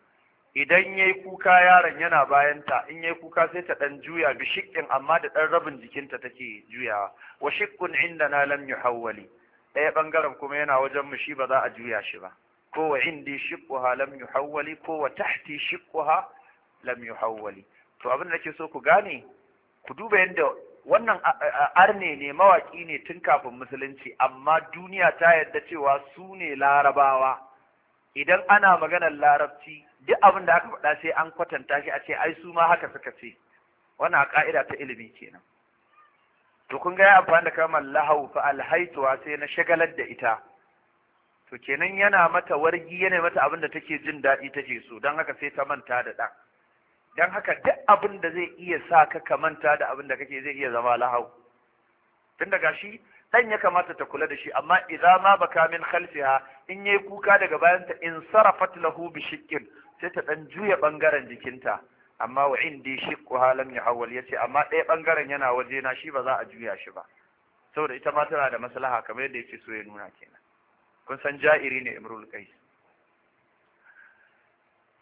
idan yayi kuka yaron yana bayanta in yayi kuka sai ta dan juya bi shikkin amma da dan rabin jikinta take juyawa wa shikkun indana lam yuhawwali ɗaya bangaren kuma yana wajen mu shi ba za a juya shi ba ko wa indi shikkuha lam yuhawwali ko wa tahti shikkuha lam yuhawwali to abin da nake so ku gane ku duba yadda wannan arne ne mawaki ne tun kafin musulunci amma duniya ta yarda cewa su ne larabawa idan ana maganar larabci duk abin da aka faɗa sai an kwatanta shi a ce ai su ma haka suka ce wannan ka'ida ta ilimi kenan to kun ga ya amfani da kamar lahau fa alhaituwa sai na shagalar da ita to kenan yana mata wargi yana mata abin da take jin daɗi take so don haka sai ta manta da ɗan don haka duk abin da zai iya sa ka kamanta da abin da kake zai iya zama lahau tun daga shi dan ya kamata ta kula da shi amma idza ma baka min khalfiha in yayi kuka daga bayan ta in sarafat lahu bi shikkin sai ta dan juya bangaren jikinta amma wa indi ya ya yahawwal yace amma ɗaya bangaren yana waje na shi ba za a juya shi ba saboda ita ma tana da maslaha kamar yadda yake so ya nuna kenan kun san ja'iri ne imrul qais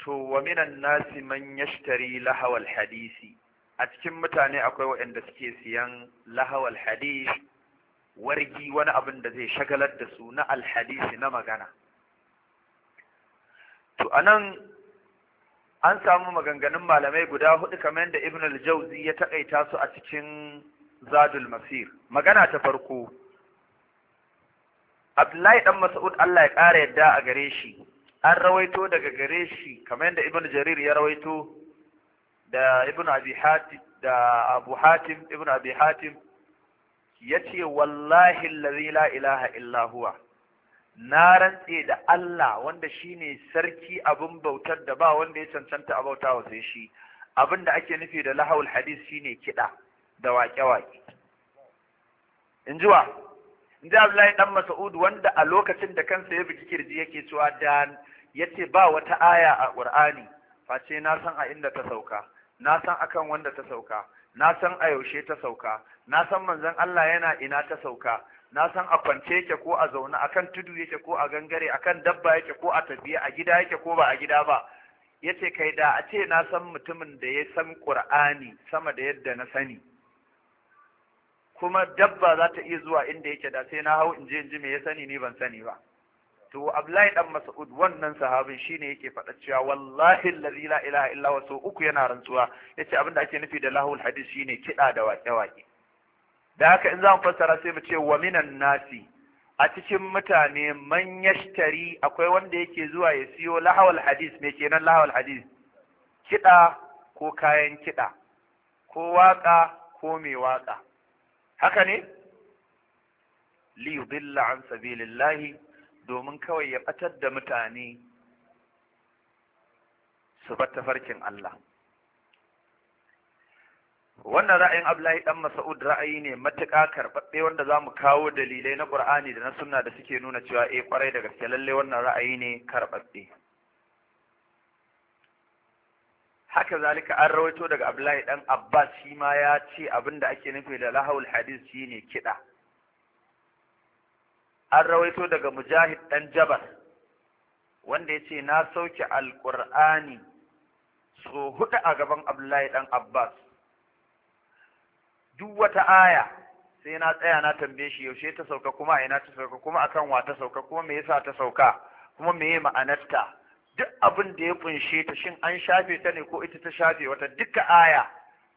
to wa minan nasi man yashtari lahawal hadisi a cikin mutane akwai waɗanda suke siyan lahawal hadis wargi wani abin da zai shagalar da su na alhadisi na magana to anan an samu maganganun malamai guda hudu kamar yadda ibn al-jauzi ya takaita su a cikin zadul masir magana ta farko abdullahi dan mas'ud Allah ya ƙara yadda a gare shi an rawaito daga gare shi kamar yadda ibn jarir ya rawaito da ibn abi hatim da abu hatim ibn abi hatim yace wallahi allazi la ilaha illa huwa na rantse da Allah wanda shine sarki abin bautar da ba wanda ya cancanta a bautawa sai shi abin da ake nufi da lahawul hadis shine kiɗa da waƙe-waƙe in ji wa in ji abdullahi dan mas'ud wanda a lokacin da kansa ya bi kirji yake cewa da yace ba wata aya a Qur'ani face na san a inda ta sauka na san akan wanda ta sauka na san a yaushe ta sauka na san manzon Allah yana ina ta sauka na san a kwance yake ko a zaune akan tudu yake ko a gangare akan dabba yake ko a tafiya a gida yake ko ba a gida ba yace kai da a ce na san mutumin da ya san Qur'ani sama da yadda na sani kuma dabba za ta iya zuwa inda yake da sai na hau in je in me ya sani ni ban sani ba to Abdullahi dan Mas'ud wannan sahabin shine yake faɗa cewa wallahi allazi la ilaha illa wa so uku yana rantsuwa yace abinda ake nufi da lahul hadith shine kida da waƙe waƙe da haka in zamu fassara sai mu ce wa minan nasi a cikin mutane man yashtari akwai wanda yake zuwa ya siyo lahawal hadith me kenan lahawal hadith kida ko kayan kida ko waka ko me waka haka ne li yudilla an sabilillahi domin kawai ya ɓatar da mutane su bar tafarkin Allah wannan ra'ayin Abdullahi ɗan Mas'ud ra'ayi ne matuƙa karɓaɓɓe wanda za mu kawo dalilai na ƙur'ani da na Sunna da suke nuna cewa e ƙwarai, da gaske lalle wannan ra'ayi ne karɓaɓɓe haka zalika an rawaito daga Abdullahi ɗan Abbas shi ma ya ce abinda ake nufi da lahawul hadis shine kiɗa an rawaito daga mujahid ɗan jabar wanda ya ce na sauke alƙur'ani so hudu a gaban abdullahi ɗan abbas duk wata aya sai na tsaya na tambaye shi yaushe ta sauka kuma ina ta sauka kuma akan wa ta sauka kuma me yasa ta sauka kuma meye ma'anarta duk abin da ya kunshe ta shin an shafe ta ne ko ita ta shafe wata duka aya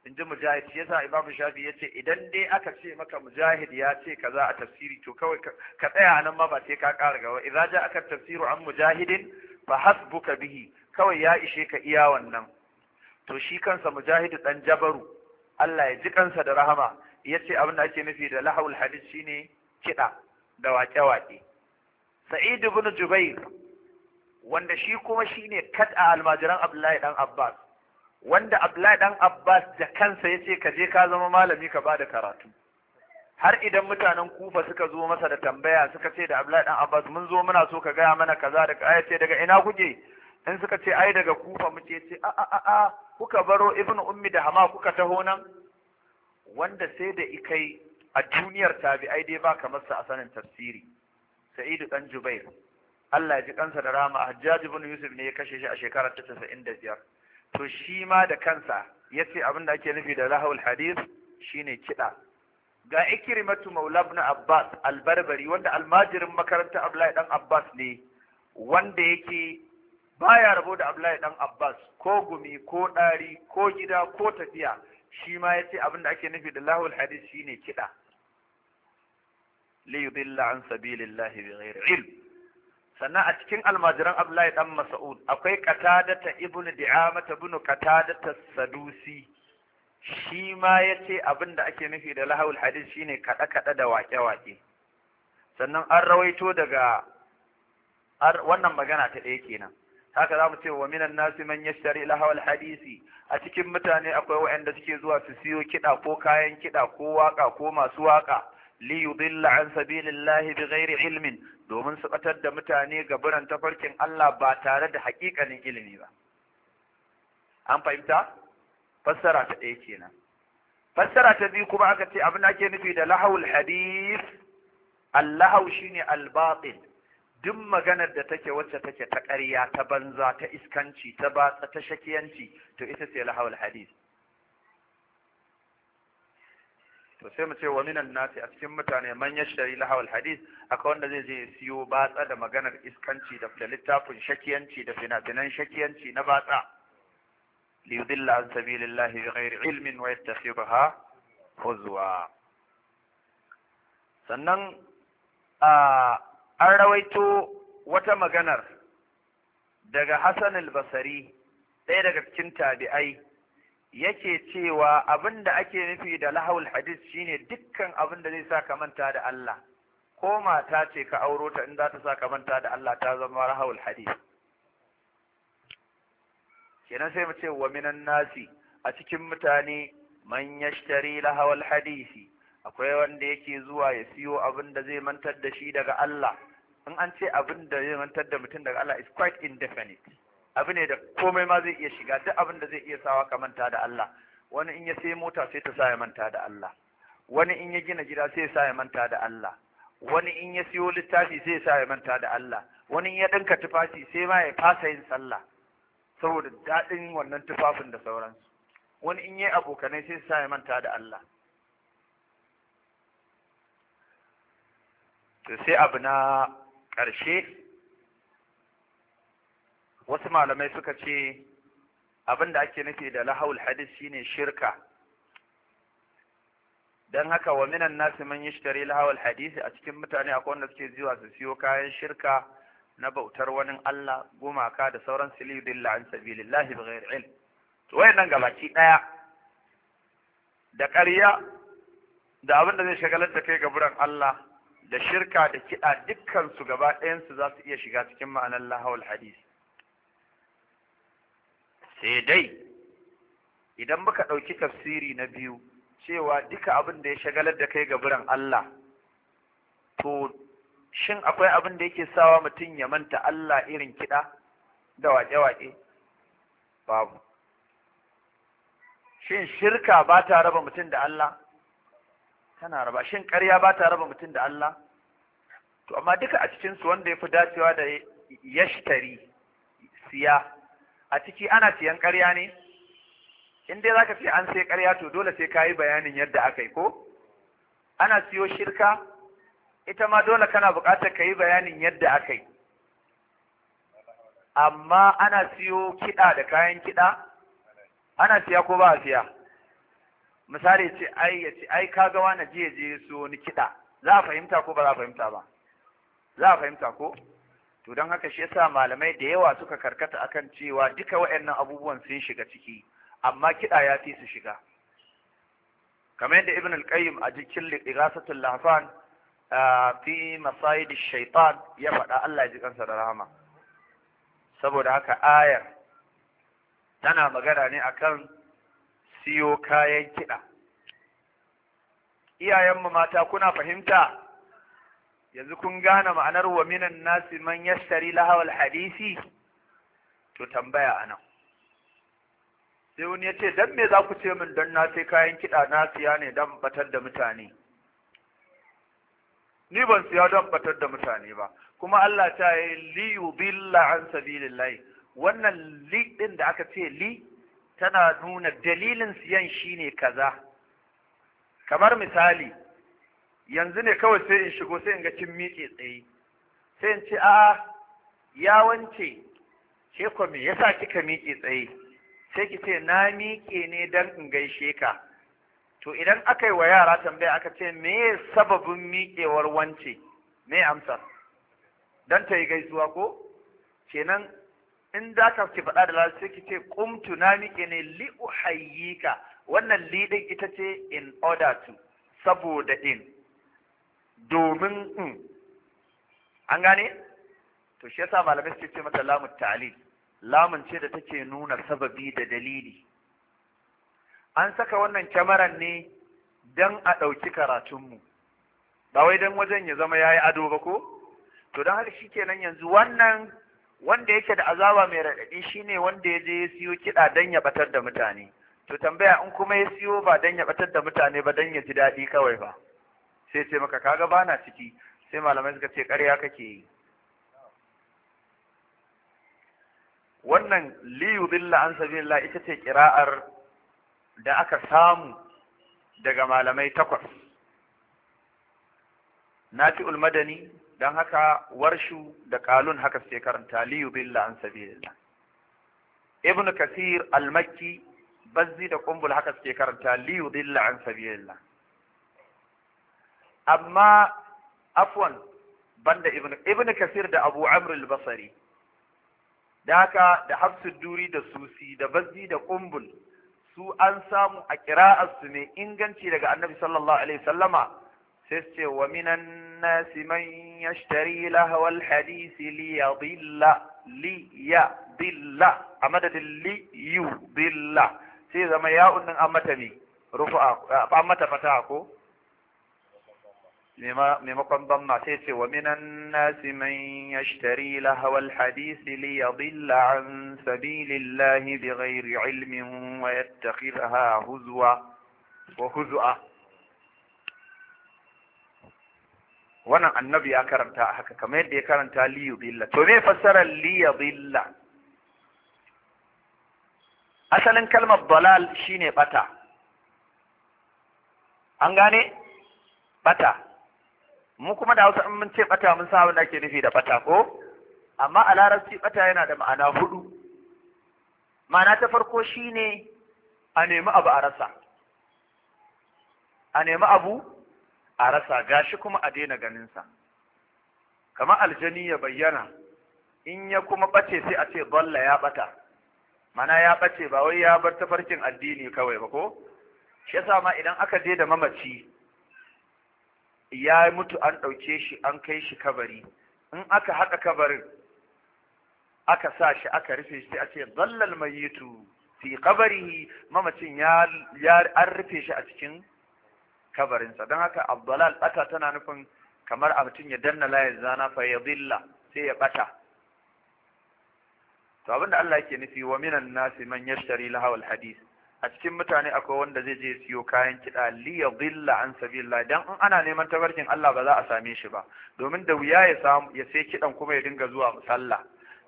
in ji mujahid shi yasa imamu shafi ya ce idan dai aka ce maka mujahid ya ce kaza a tafsiri to kawai ka tsaya nan ma ba sai ka ƙara gaba idan ja aka tafsiru an mujahidin fa hasbuka bihi kawai ya ishe ka iya wannan to shi kansa mujahid dan jabaru Allah ya ji kansa da rahama ya ce abin da ake nufi da lahawul hadis shine kiɗa da waƙe-waƙe sa'id ibn jubair wanda shi kuma shine a almajiran abdullahi dan abbas wanda Abdullahi dan Abbas da kansa yace ka je ka zama malami ka bada karatu har idan mutanen Kufa suka zo masa da tambaya suka ce da Abdullahi dan Abbas mun zo muna so ka gaya mana kaza da aya ce daga ina kuke in suka ce ai daga Kufa muke ce a a a kuka baro Ibn Ummi da Hama kuka taho nan wanda sai da ikai a duniyar tabi'ai dai ba kamar sa a sanin tafsiri Sa'idu dan Jubair Allah ya ji kansa da rama Hajjaj ibn Yusuf ne ya kashe shi a shekarar ta 95 to shi ma da kansa ya ce abin da ake nufi da lahawul hadith shine kiɗa ga ikirimatu maulabna na abbas albarbari wanda almajirin makarantar abdullahi dan abbas ne wanda yake baya rabo da abdullahi dan abbas ko gumi ko ɗari ko gida ko tafiya shi ma ya ce abin da ake nufi da lahawul hadith shine kiɗa li yudilla an sabilillahi ilm sannan a cikin almajiran abdullahi dan mas'ud akwai qatadata ibnu ta ibnu qatadata sadusi shi ma yace abin da ake nufi da lahawul hadith shine kada kada da wake wake sannan an rawaito daga wannan magana ta ɗaya kenan haka za mu ce wa minan nasi man yashtari lahawul hadisi a cikin mutane akwai waɗanda suke zuwa su siyo kiɗa ko kayan kiɗa ko waka ko masu waka li yudilla an sabilillahi bighairi ilmin domin su batar da mutane ga biran tafarkin Allah ba tare da hakikanin ilimi ba an fahimta fassara ta ɗaya kenan fassara ta biyu kuma aka ce abin ake nufi da lahawul hadith allahu shine albatil duk maganar da take wacce take ta ƙarya ta banza ta iskanci ta batsa ta shakiyanci to ita ce lahawul hadith to sai mu ce wa minan nasi a cikin mutane man yashari lahawal hadis akwai wanda zai je siyo batsa da maganar iskanci da littafin shakiyanci da fina shakiyanci na batsa yudilla an sabilillahi bi ghairi ilmin wa yastakhiraha huzwa sannan a an rawaito wata maganar daga Hassan al-Basri ɗaya daga cikin tabi'ai yake cewa abinda ake nufi da lahawul hadis shine dukkan abin da zai sa ka manta da Allah ko mata ce ka auro ta in za ta sa ka manta da Allah ta zama lahawul hadis kenan sai mu ce wa minan nasi a cikin mutane man yashtari lahawul hadisi akwai wanda yake zuwa ya siyo abin da zai mantar da shi daga Allah in an ce abin da zai mantar da mutum daga Allah is quite indefinite abu ne da komai ma zai iya shiga duk abin da zai iya sawa ka manta da Allah wani in ya sai mota sai ta sa ya manta da Allah wani in ya gina gida sai ya sa ya manta da Allah wani in ya siyo littafi sai ya sa ya manta da Allah wani in ya dinka tufafi sai ma ya fasa yin sallah saboda daɗin wannan tufafin da sauransu wani in yi abokanai sai sa ya manta da Allah to sai abu na ƙarshe wasu malamai suka ce abin da ake nufi da lahawul hadis shine shirka don haka wa minan nasu man yishtari lahawul hadisi a cikin mutane akwai wanda suke zuwa su siyo kayan shirka na bautar wani Allah gumaka da sauran silidilla an sabilillahi bighair ilm to nan gabaki daya da ƙarya da abin da zai shagalar da kai gaburan Allah da shirka da kiɗa dukkan su gaba ɗayan su za su iya shiga cikin ma'anar lahawul hadis. sai dai idan muka ɗauki tafsiri na biyu cewa duka abin da ya shagalar da kai ga biran Allah to shin akwai abin da yake sawa mutum ya manta Allah irin kiɗa da waƙe-waƙe babu shin shirka ba ta raba mutum da Allah tana raba shin ƙarya ba ta raba mutum da Allah to amma duka a cikinsu wanda ya fi dacewa da yashtari siya a ciki ana siyan ƙarya ne in dai zaka ce an sai ƙarya to dole sai ka yi bayanin yadda aka yi ko ana siyo shirka ita ma dole kana buƙatar ka yi bayanin yadda aka yi amma ana siyo kiɗa da kayan kiɗa ana siya ko ba a siya misali ce ai ya ce ai ka ga wani je je so ni kiɗa za a fahimta ko ba za a fahimta ba za a fahimta ko to don haka shi yasa malamai da yawa suka karkata akan cewa duka waɗannan abubuwan sun shiga ciki amma kiɗa ya fi su shiga kamar yadda ibn al-qayyim a jikin igasatul lahfan fi masayid shaitan ya faɗa Allah ya ji kansa da rahama saboda haka ayar tana magana ne akan siyo kayan kiɗa iyayenmu mata kuna fahimta yanzu kun gane ma'anar wa minan nasi man yashtari lahawal hadisi to tambaya anan sai wani ya ce dan me za ku ce min don na sai kayan kiɗa na siya ne don batar da mutane ni ban siya don batar da mutane ba kuma Allah ta yi li yubilla an sabilillahi wannan li din da aka ce li tana nuna dalilin siyan shine kaza kamar misali yanzu ne kawai sai in shigo sai in ga cin miƙe tsaye sai in ce a ya wance ke me yasa kika miƙe tsaye sai ki ce na miƙe ne dan in gaishe ka to idan aka wa yara tambaya aka ce me sababin miƙewar wance me amsa dan ta yi gaisuwa ko kenan in za ka ki faɗa da lalata sai ki ce kumtu na miƙe ne li wannan li ita ce in order to saboda in domin in hmm, an gane to shi yasa malamai suke ce mata lamun ta'lil lamun ce da take nuna sababi da dalili an saka wannan kyamarar ne don a ɗauki karatunmu ba wai don wajen ya zama ya yi ado ba ko to don haka shikenan yanzu wannan wanda yake da azaba mai raɗaɗi shine wanda ya je ya siyo kiɗa don ya batar da mutane to tambaya in kuma ya siyo ba don ya batar da mutane ba don ya ji daɗi kawai ba sai ce maka kaga bana ciki sai malamai suka ce ƙarya kake yi wannan liyu billa an ita ce kira'ar da aka samu daga malamai takwas Na nafi ulmadani don haka warshu da kalun haka suke karanta liyu billa an sabilillah ibn kasir almakki bazzi da kumbul haka ke karanta liyu billa an amma afwan banda ibn kasir da abu amr al-basri da haka da hafsu duri da susi da bazzi da kumbul su an samu a qira'ar su ne inganci daga annabi sallallahu alaihi sallama sai ce wa minan nasi man yashtari lahwa hadisi hadith li yadilla li yadilla a madadin li yudilla sai zama ya'un nan an mata ne mata fata ko maimakon damma sai ce wa minan nasi man yashtari lahawal hadisi li yadilla an sabilillahi bi ghairi ilmin wa yattakhidha huzwa wa huzwa wannan annabi ya karanta haka kamar yadda ya karanta li yudilla to me fassarar li yudilla asalin kalmar dalal shine bata an gane bata mu kuma da hausa in mun ce bata mun sa wanda ake nufi da bata ko amma a larabci bata yana da ma'ana hudu ma'ana ta farko shine a nemi abu a rasa a nemi abu a rasa gashi kuma a daina ganinsa kamar aljani ya bayyana in ya kuma bace sai a ce balla ya bata mana ya bace ba wai ya bar tafarkin addini kawai ba ko shi yasa ma idan aka je da mamaci ya mutu an ɗauke shi an kai shi kabari in aka haɗa kabarin aka sa shi aka rufe shi sai a ce zallal mayitu fi kabarihi mamacin ya an rufe shi a cikin kabarinsa don haka abdalal ɓata tana nufin kamar a mutum ya danna layin zana fa ya zilla sai ya ɓata to abinda Allah yake nufi wa minan nasi man yashtari lahawal a cikin mutane akwai wanda zai je siyo kayan kiɗa liya zilla an sabila dan in ana neman tabarkin Allah ba za a same shi ba domin da wuya ya samu ya sai kiɗan kuma ya dinga zuwa sallah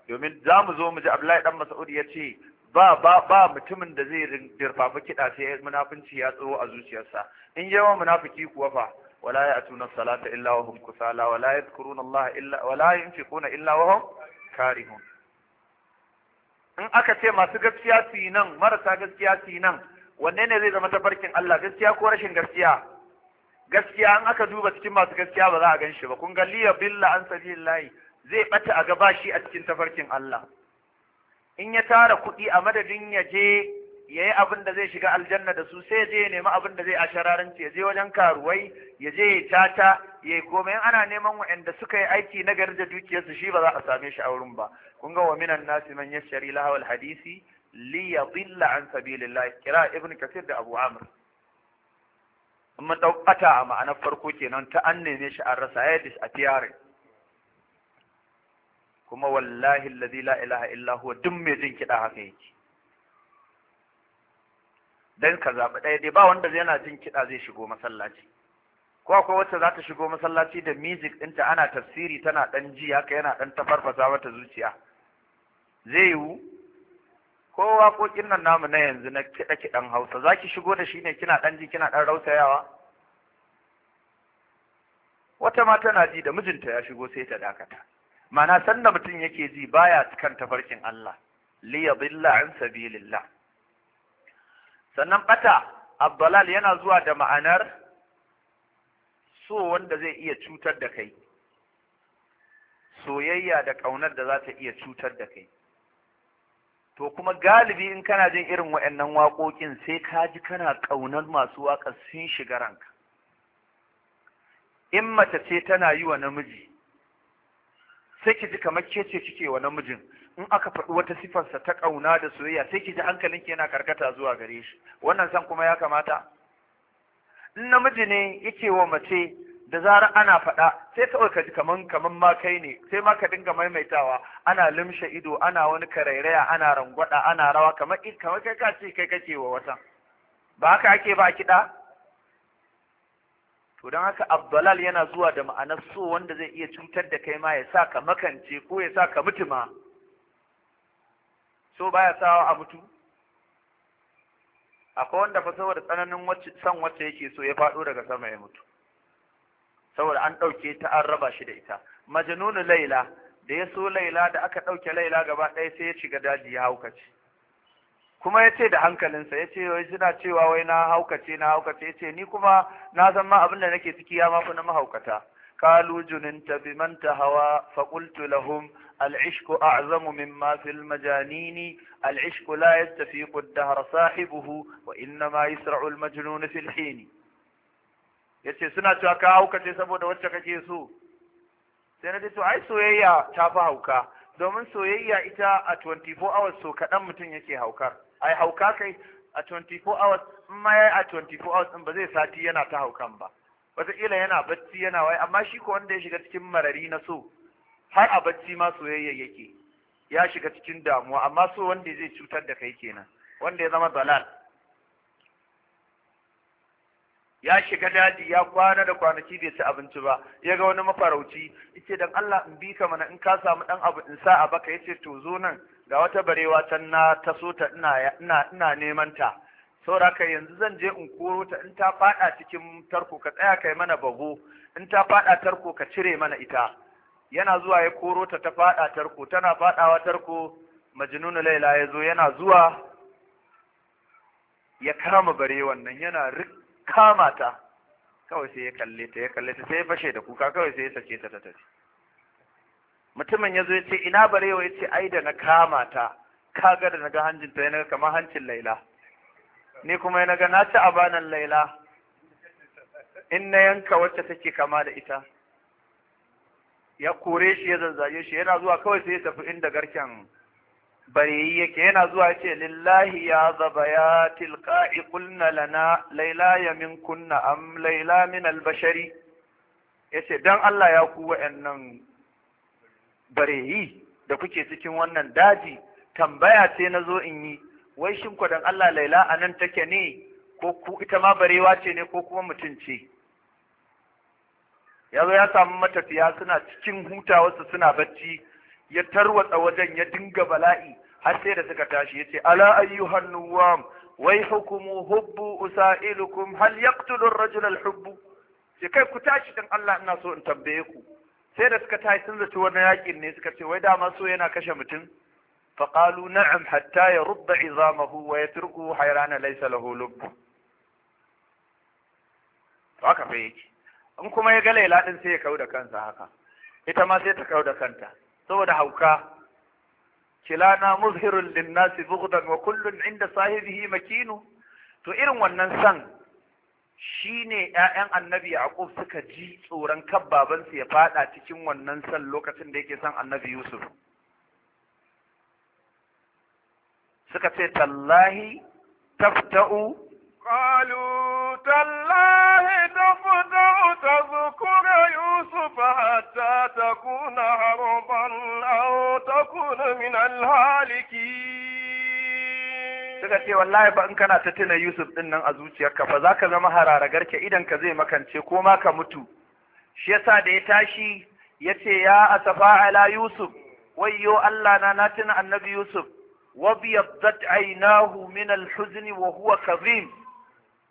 domin za mu zo mu ji Abdullahi dan Mas'ud ya ce ba ba ba mutumin da zai dirfafa kiɗa sai munafunci ya tsoro a zuciyarsa in yawan munafiki kuwa fa ولا يأتون الصلاة إلا وهم كسالى ولا يذكرون الله إلا ولا illa إلا وهم كارهون in aka ce masu gaskiya su yi nan marasa gaskiya su yi nan wanne ne zai zama tafarkin Allah gaskiya ko rashin gaskiya gaskiya in aka duba cikin masu gaskiya ba za a gan shi ba kun galiya liya billa an sabilillahi zai bata a gaba shi a cikin tafarkin Allah in ya tara kuɗi a madadin ya je ya yi abin da zai shiga aljanna da su sai je ya nemi abin da zai a shararanci ya je wajen karuwai ya je ya tata ya yi komai ana neman wa'anda suka yi aiki na gari da dukiyarsu shi ba za a same shi a wurin ba kun ga wa minan nasi man yashari lahawal hadisi li yadilla an sabilillah kira ibn kasir da abu amr amma daukata a ma'anar farko kenan ta an neme shi an rasa ya disappearing kuma wallahi alladhi la ilaha illa huwa duk mai jin kiɗa haka yake dan ka zaɓi ɗaya dai ba wanda yana jin kiɗa zai shigo masallaci ko akwai wacce za ta shigo masallaci da music ɗinta ana tafsiri tana ɗan ji haka yana ɗan tafarfasa mata zuciya zai yiwu ko waƙoƙin nan namu na yanzu na kiɗa kiɗan hausa za ki shigo da shi ne kina ɗan ji kina ɗan rausayawa wata ma tana ji da mijinta ya shigo sai ta dakata ma'ana sanda mutum yake ji baya kan tafarkin Allah li an sabilillah sannan ƙata abdalal yana zuwa da ma'anar so wanda zai iya cutar da kai soyayya da ƙaunar da za ta iya cutar da kai to kuma galibi in kana jin irin wa'annan waƙoƙin sai ka ji kana ƙaunar masu waƙa sun shiga ranka in mace ce tana yi wa namiji sai ki ji kamar ke ce kike wa namijin in aka faɗi wata sifarsa ta ƙauna da soyayya sai ki ji ki yana karkata zuwa gare shi wannan san kuma ya kamata in namiji ne yake wa mace da zara ana faɗa sai kawai ka ji kaman kaman ma kai ne sai ma ka dinga maimaitawa ana limshe ido ana wani karairaya ana rangwada ana rawa kamar kamar kai ka ce kai kake wa wata ba haka ake ba kiɗa to don haka abdalal yana zuwa da ma'anar so wanda zai iya cutar da kai ma ya sa ka makance ko ya sa ka mutu ma so baya sawa a mutu akwai wanda fa saboda tsananin san wacce yake so ya faɗo daga sama ya mutu saboda an ɗauke ta an raba shi da ita Majanunu laila da ya so laila da aka ɗauke laila gaba ɗaya sai ya shiga daji ya haukace kuma ya ce da hankalinsa ya ce wai suna cewa wai na haukace na haukace ya ce ni kuma na san ma abin da nake ciki ya maku na mahaukata kalu juninta bi man tahawa fa qultu lahum al-ishku a'zamu mimma fil majanini al-ishku la yastafiqu ad-dahr sahibuhu wa inna ma yasra'u al-majnun fil hin yace suna cewa ka haukace saboda wacce kake so sai na ce to ai soyayya ta fi hauka domin soyayya ita a 24 hours so kaɗan mutum yake haukar ai hauka kai a 24 hours in ma yayi a 24 hours din ba zai sati yana ta haukan ba wataƙila yana bacci yana wai amma shi ko wanda ya shiga cikin marari na so har a bacci ma soyayya yake ya shiga cikin damuwa amma so wanda zai cutar da kai kenan wanda ya zama dalal ya shiga daji ya kwana da kwanaki bai ci abinci ba ya ga wani mafarauci yace dan Allah in bi ka mana in ka samu dan abu in sa a baka yace to zo nan ga wata barewa can na taso ta ina ina neman ta sauraka yanzu zan je in koro ta in ta fada cikin tarko ka tsaya kai mana babu, in ta fada tarko ka cire mana ita yana zuwa ya koro ta ta fada tarko tana fadawa tarko majnunu laila ya zo yana zuwa ya kama bare wannan yana kama ta kawai sai ya kalle ta ya kalle ta sai ya fashe da kuka kawai sai ya sace ta ta tafi mutumin ya zo ya ce ina barewa ya ce ai da na kama ta kaga da na ga hancin ta yana kamar hancin laila ni kuma yana ga na ci abanan laila in na yanka wacce take kama da ita ya kore shi ya zanzaje shi yana zuwa kawai sai ya tafi inda garken bareyi yake yana zuwa ya ce lillahi ya zaba ya tilka ikulna lana laila ya min kunna am laila min albashari ya ce don Allah ya ku wa'annan barehi da kuke cikin wannan daji tambaya sai na zo in yi wai shin kwadan Allah laila anan nan take ne ko ku ita ma barewa ce ne ko kuma mutum ce ya ya samu matafiya suna cikin huta wasu suna bacci ya tarwatsa wajen ya dinga bala'i har sai da suka tashi ya ce ala ayyuhan nuwam wai hukumu hubbu usailukum hal yaqtulu ar-rajul al-hubbu sai kai ku tashi dan Allah ina so in tambaye ku sai da suka tashi sun zaci wani yakin ne suka ce wai dama so yana kashe mutum faƙalu na'am hatta ya rubda izamahu wa ya turku hairana laisa lahu lubbu haka fa yake in kuma ya ga laila din sai ya kau da kansa haka ita ma sai ta kau da kanta saboda hauka kila kilana muzhirun linnasi bughdan wa kullun inda sahibihi makinu to irin wannan san shi ne ‘ya'yan annabi Yaqub suka ji tsoron kan ya fada cikin wannan san lokacin da yake san annabi Yusuf. Suka ce, Tallahi, tafta'u, Qalu tallahi tafta'u ta zukura Yusuf hatta ta kuna harban ta kuna min haliki. suka ce wallahi ba in kana ta tuna Yusuf din nan a zuciyarka fa za ka zama hararagarke idan ka zai makance ko ma ka mutu shi yasa da ya tashi ya ce ya asafa ala Yusuf wayyo Allah na na tuna annabi Yusuf wa biyaddat aynahu min al-huzn wa huwa kazim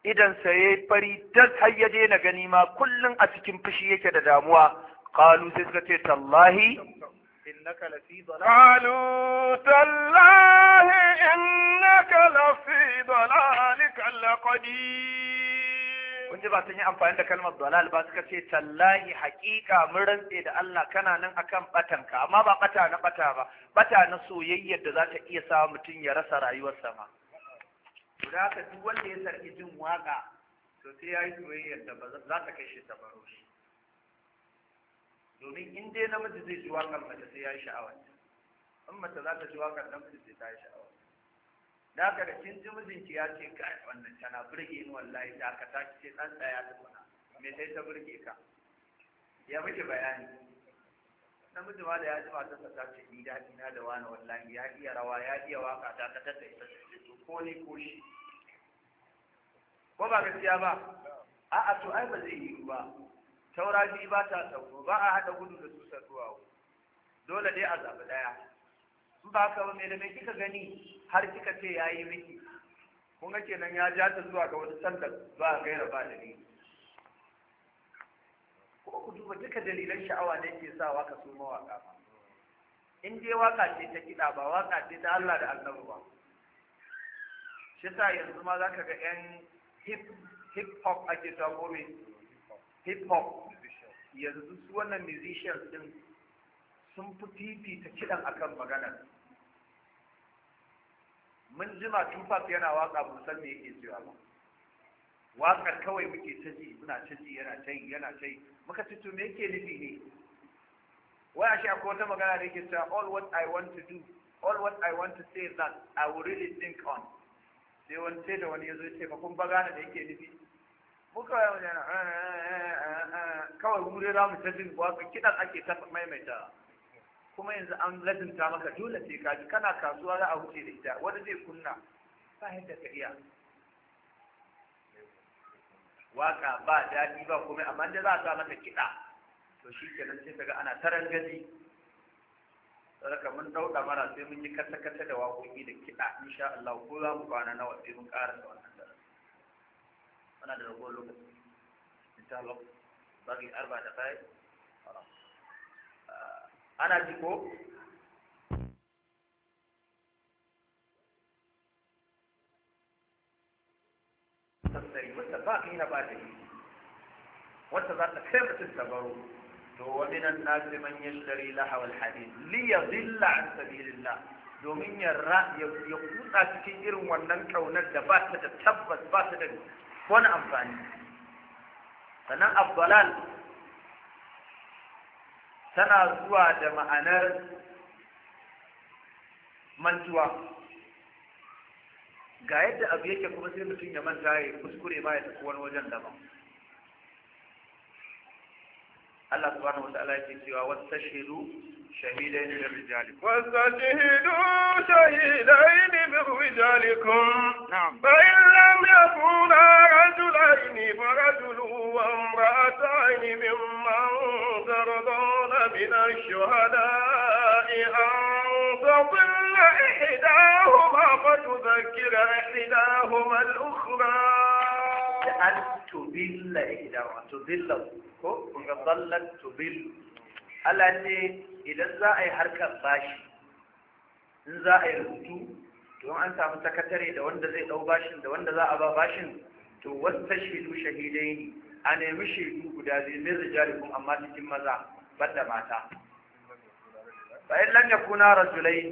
idan sa yayi fari tas ya daina gani ma kullun a cikin fushi yake da damuwa qalu sai suka ce tallahi إنك لفي ضلالك قالوا تالله إنك لفي ضلالك القديم ba sun yi amfani da kalmar dalal ba suka ce tallahi hakika mun rantse da Allah kana nan kan batanka amma ba bata na bata ba bata na soyayyar da za ta iya sa mutum ya rasa rayuwarsa ba. guda ka duk wanda ya sarki jin waƙa, to sai yayi soyayyar da za ta kai shi ta baro domin in dai namiji zai ji waƙar mace sai ya yi sha'awa in mace za ta ji waƙar namiji sai ta yi sha'awa da aka da kin ji mijinki ya ce ka wannan tana burge ni wallahi da aka ta ce ɗan tsaya tukuna me sai ta burge ka ya miki bayani namiji ma da ya ji matarsa ta ce ni daɗi na da wani wallahi ya iya rawa ya iya waka ta ka tattaye ta ce ko ni ko shi ko ba gaskiya ba a'a to ai ba zai yi ba saura biyu ba ta sauko ba a haɗa gudu da su saduwa dole dai a zaɓi ɗaya in ba ka mai da mai kika gani har kika ce ya yi miki kun ga kenan ya ja ta zuwa ga wani sandar ba gaira ba da ni. ko ku duba duka dalilan sha'awa ne ke sawa ka so mawaƙa ba in dai waka ce ta kiɗa ba waka ce ta Allah da annabi ba shi sa yanzu ma za ka ga 'yan hip hop ake ta mai hip hop yanzu su wannan musicians din sun fi fifita kiɗan akan maganar mun jima tupac yana waka mun san me yake cewa ba wakar kawai muke ta ji muna ta ji yana ta yi yana ta yi muka ce to me yake nufi ne waya shi akwai wata magana da yake cewa all what i want to do all what i want to say is that i will really think on sai wani sai da wani ya zo ce ba kun ba gane da yake nufi muka yi eh, eh, eh, kawai mu za mu ta jin waka kiɗan ake ta maimaita kuma yanzu an lazimta maka dole sai ka ji kana kasuwa za a huce da ita wani zai kunna ba yadda ka iya waka ba daɗi ba kuma amma da za a sa maka kiɗa to shi kenan sai ga ana taran gani saboda mun dauɗa mara sai mun yi kata-kata da waƙoƙi da kiɗa insha Allah ko za mu kwana nawa sai mun ƙara انا دابا نقول ان شاء الله باقي اربع دقائق خلاص آه، انا ديكو باقي هنا باقي وانتظرنا كيف تنتظروا ومن الناس من يشتري لها الحديث ليضل عن سبيل الله دومين الرأي يقول أتكي إرمو أنك ونجد باسد تبس wani amfani sannan abdalal tana zuwa da ma'anar mantuwa ga yadda abu yake kuma sai mutum ya manta ya kuskure ba ya tafi wani wajen daban الله سبحانه وتعالى يقول واستشهدوا شهيدين من رجالكم واستشهدوا شهيدين من رجالكم نعم فإن لم يكونا رجلين فرجل وامرأتين ممن ترضون من الشهداء أن تضل إحداهما فتذكر إحداهما الأخرى أن تذل إحداهما تذل ko kun ga ballan tubil Allah ne idan za a yi harkar bashi in za a yi rubutu don an samu sakatare da wanda zai dau bashin da wanda za a ba bashin to wasta shahidu shahidai ne a nemi shaidu guda zai min rijalikum amma cikin maza ban da mata fa in lam yakuna rajulain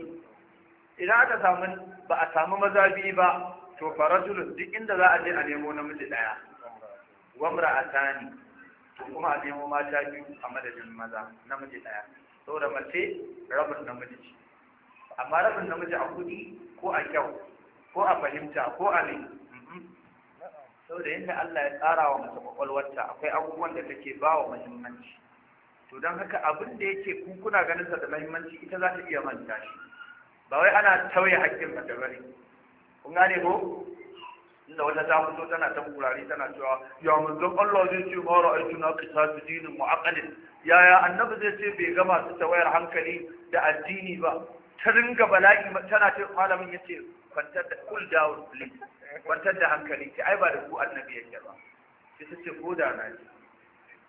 idan aka samu ba a samu maza biyu ba to fa rajulun duk inda za a je a nemo namiji daya a imra'atani kuma a nemo mata biyu a madadin maza namiji ɗaya saboda mace rabin namiji ce amma rabin namiji a kuɗi ko a kyau ko a fahimta ko a ne saboda yadda Allah ya tsara wa mace kwakwalwarta akwai abubuwan da take ba wa muhimmanci to don haka abin da yake ku kuna ganin sa da muhimmanci ita za ta iya manta shi ba wai ana tauye haƙƙin mace bane kun gane ko inda wata ta fito tana ta kurare tana cewa ya manzon Allah zai ce ma ra'aytuna qisasu dinin mu'aqqalin yaya annabi zai ce bai gama su tawayar hankali da addini ba ta ringa bala'i tana ce malamin yace kwantar da cool down please kwantar da hankali ki ai ba da ku annabi yake ba ki ta ce ko da na ji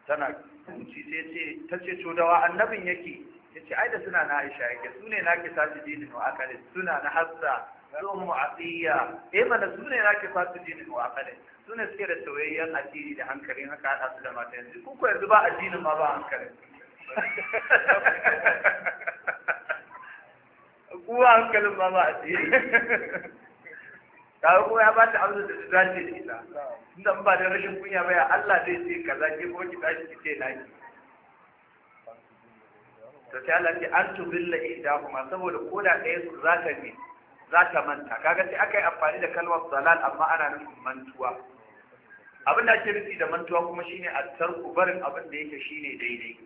tana kunci sai ce ta ce to dawa annabin yake yace ai da suna na Aisha yake su ne na kisa dinin wa suna na Hafsa zuwan mu'atiyya eh mana su ne rake fasu dinin wa akada su ne suke da tawayyan addini da hankali haka haɗa su da mata yanzu ku ko yanzu ba addinin ma ba hankali. ku hankalin ma ba addini kawo kuma ya bata amsa da ta dace da ita inda ba da rashin kunya ba ya Allah zai ce kaza ke ko ki tashi ki ce naki to sai Allah ce an da kuma saboda koda ɗaya su za ka ne za ta manta kaga sai aka yi amfani da kalmar salal amma ana nufin mantuwa abin da ake nufi da mantuwa kuma shine a tarku barin abin da yake shine daidai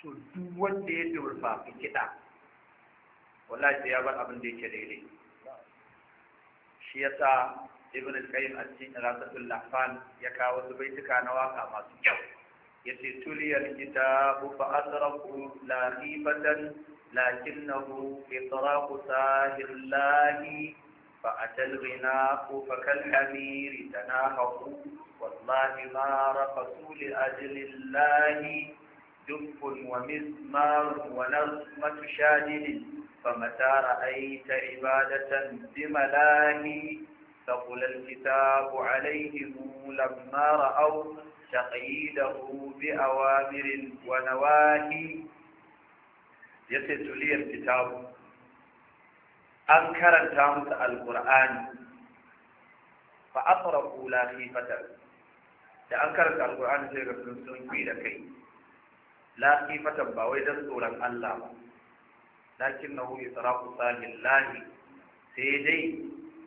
to duk wanda ya durfa fi kiɗa wallahi sai ya bar abin da yake daidai shi yasa ibn al-qayyim a cikin irasatul lahfan ya kawo wasu baituka na waka masu kyau yace tuliyal kitabu fa asrafu laqibatan لكنه إطراق ساه الله فأتى الغناء فكالحمير تناهق والله ما رقصوا لأجل الله دف ومزمار ونغمة شادد فمتى رأيت عبادة بملاهي ثقل الكتاب عليهم لما رأوا تقييده بأوامر ونواهي ya ce tuliyar kitabu an karanta musu alkur'ani fa fara kula fatar da an karanta alkur'ani sai ga sun sun da kai la fatar ba wai dan tsoron Allah ba lakin na huyi sarafu sai dai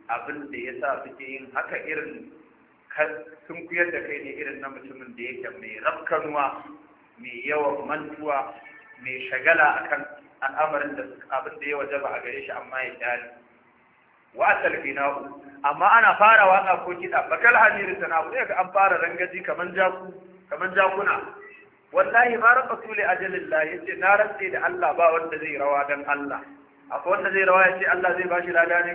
abin da ya sa suke yin haka irin sun kuyar da kai ne irin na mutumin da yake mai rafkanuwa mai yawan mantuwa mai shagala akan al'amarin da abin da ya waje ba a gare shi amma ya dali wa asal amma ana fara waka ko kida bakal hadir sana ku ga an fara rangaji kaman jaku kaman jakuna wallahi ma raqatu li ajalillahi yace na rantse da Allah ba wanda zai rawa dan Allah akwai wanda zai rawa yace Allah zai bashi lada ne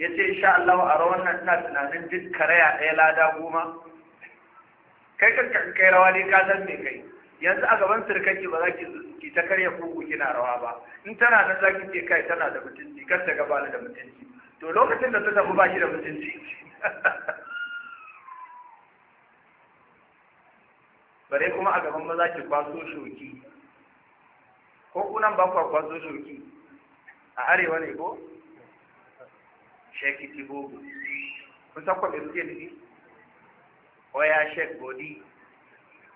yace insha Allah a rawan nan ina tunanin duk karaya ɗaya lada goma kai kanka kai rawa ne ka san me kai yanzu a gaban sirkaki ba za ki ta karya kugu kina rawa ba in tana nan za ki ce kai tana da mutunci kar ta gaba da mutunci to lokacin da ta tafi ba shi da mutunci [LAUGHS] bare kuma a gaban maza ki kwaso shoki ko kunan ba ku kwaso shoki a arewa ne ko sheki tibogo kun san kwa me suke nufi oya shek godi.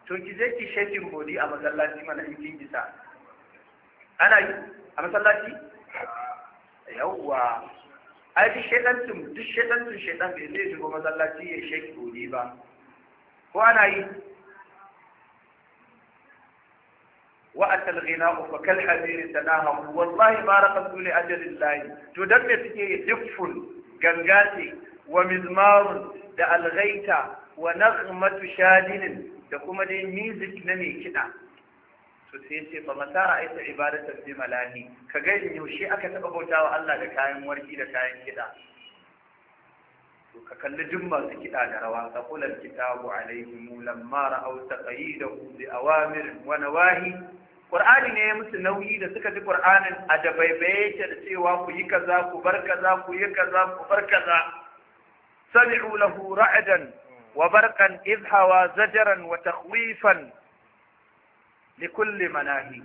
to ki je ki shekin bodi a masallaci mana in kin isa ana yi a masallaci yawwa ai duk shedancin duk shedancin shedan bai zai shigo masallaci ya sheki bodi ba ko ana yi وأتى الغناء فكالحزين تناهم والله ما رقصوا لأجل الله تدمي تجي دف قنقاتي ومزمار دا الغيتا ونغمة شادن da kuma dai music na mai kiɗa to sai ce fa mata ra'aita ibadatan bi malahi ka ga yaushe aka taɓa bautawa Allah da kayan warki da kayan kiɗa to ka kalli duk masu kiɗa da rawa ka kula kitabu alaihim lamma ra'aw taqayidahu bi awamir wa nawahi Qur'ani ne ya musu nauyi da suka ji Qur'anin a da baibaye da cewa ku yi kaza ku bar kaza ku yi kaza ku bar kaza sami'u lahu ra'adan وبرقا إذ هوى زجرا وتخويفا لكل manahi.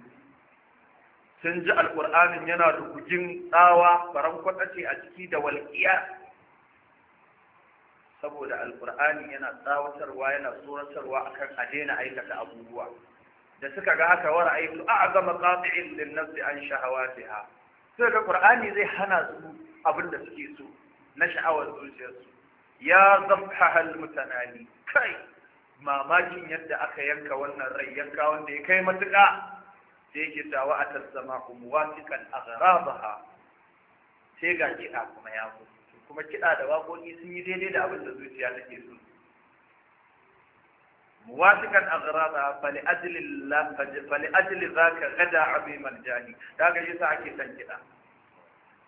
sun ji alƙur'anin yana rugujin tsawa faran kwaɗace a ciki da walƙiya saboda alƙur'ani yana tsawatarwa yana tsoratarwa akan a daina aikata abubuwa da suka ga haka wara aitu a a gama ƙafi'in lin nafsi an shahawatiha sai ga qur'ani zai hana su abin da suke so na sha'awar zuciyarsu ya zafha hal mutanani kai mamakin yadda aka yanka wannan rai yanka wanda ya kai matuƙa sai yake tawa a tasama ku muwafiqan aghrabaha sai ga kiɗa kuma ya ku kuma kiɗa da waƙoƙi sun yi daidai da abin da zuciya take so muwafiqan aghraba fali ajli la fali ajli zaka gada abi jani daga yasa ake san kiɗa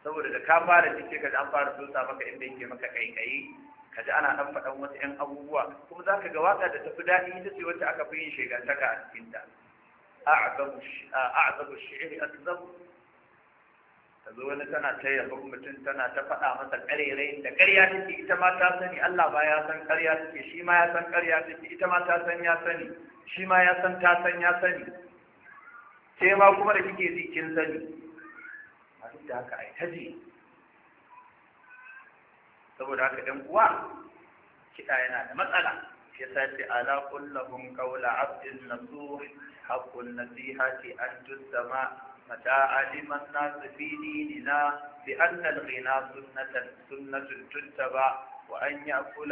saboda da ka fara cike ka an fara tsotsa maka inda yake maka kaikayi kaji ana dan faɗan wasu 'yan abubuwa kuma za ka ga waƙa da tafi daɗi ita ce wacce aka fi yin shegantaka a cikinta a'azabu shi'iri atzabu ta zo wani tana ta yabon mutum tana ta faɗa masa ƙarerai da ƙarya take ita ma ta sani Allah ba ya san ƙarya take shi ma ya san ƙarya take ita ma ta san ya sani shi ma ya san ta san ya sani Ke ma kuma da kike ji kin sani a duk da haka ai ta ji saboda haka ɗan uwa kiɗa yana da matsala ya sace ala kullahum qawla abdin nasuh haqqun nasihati an tusama mata'ali man nasu fi dinina bi anna al-ghina sunnatan sunnatun tuttaba وأن يأكل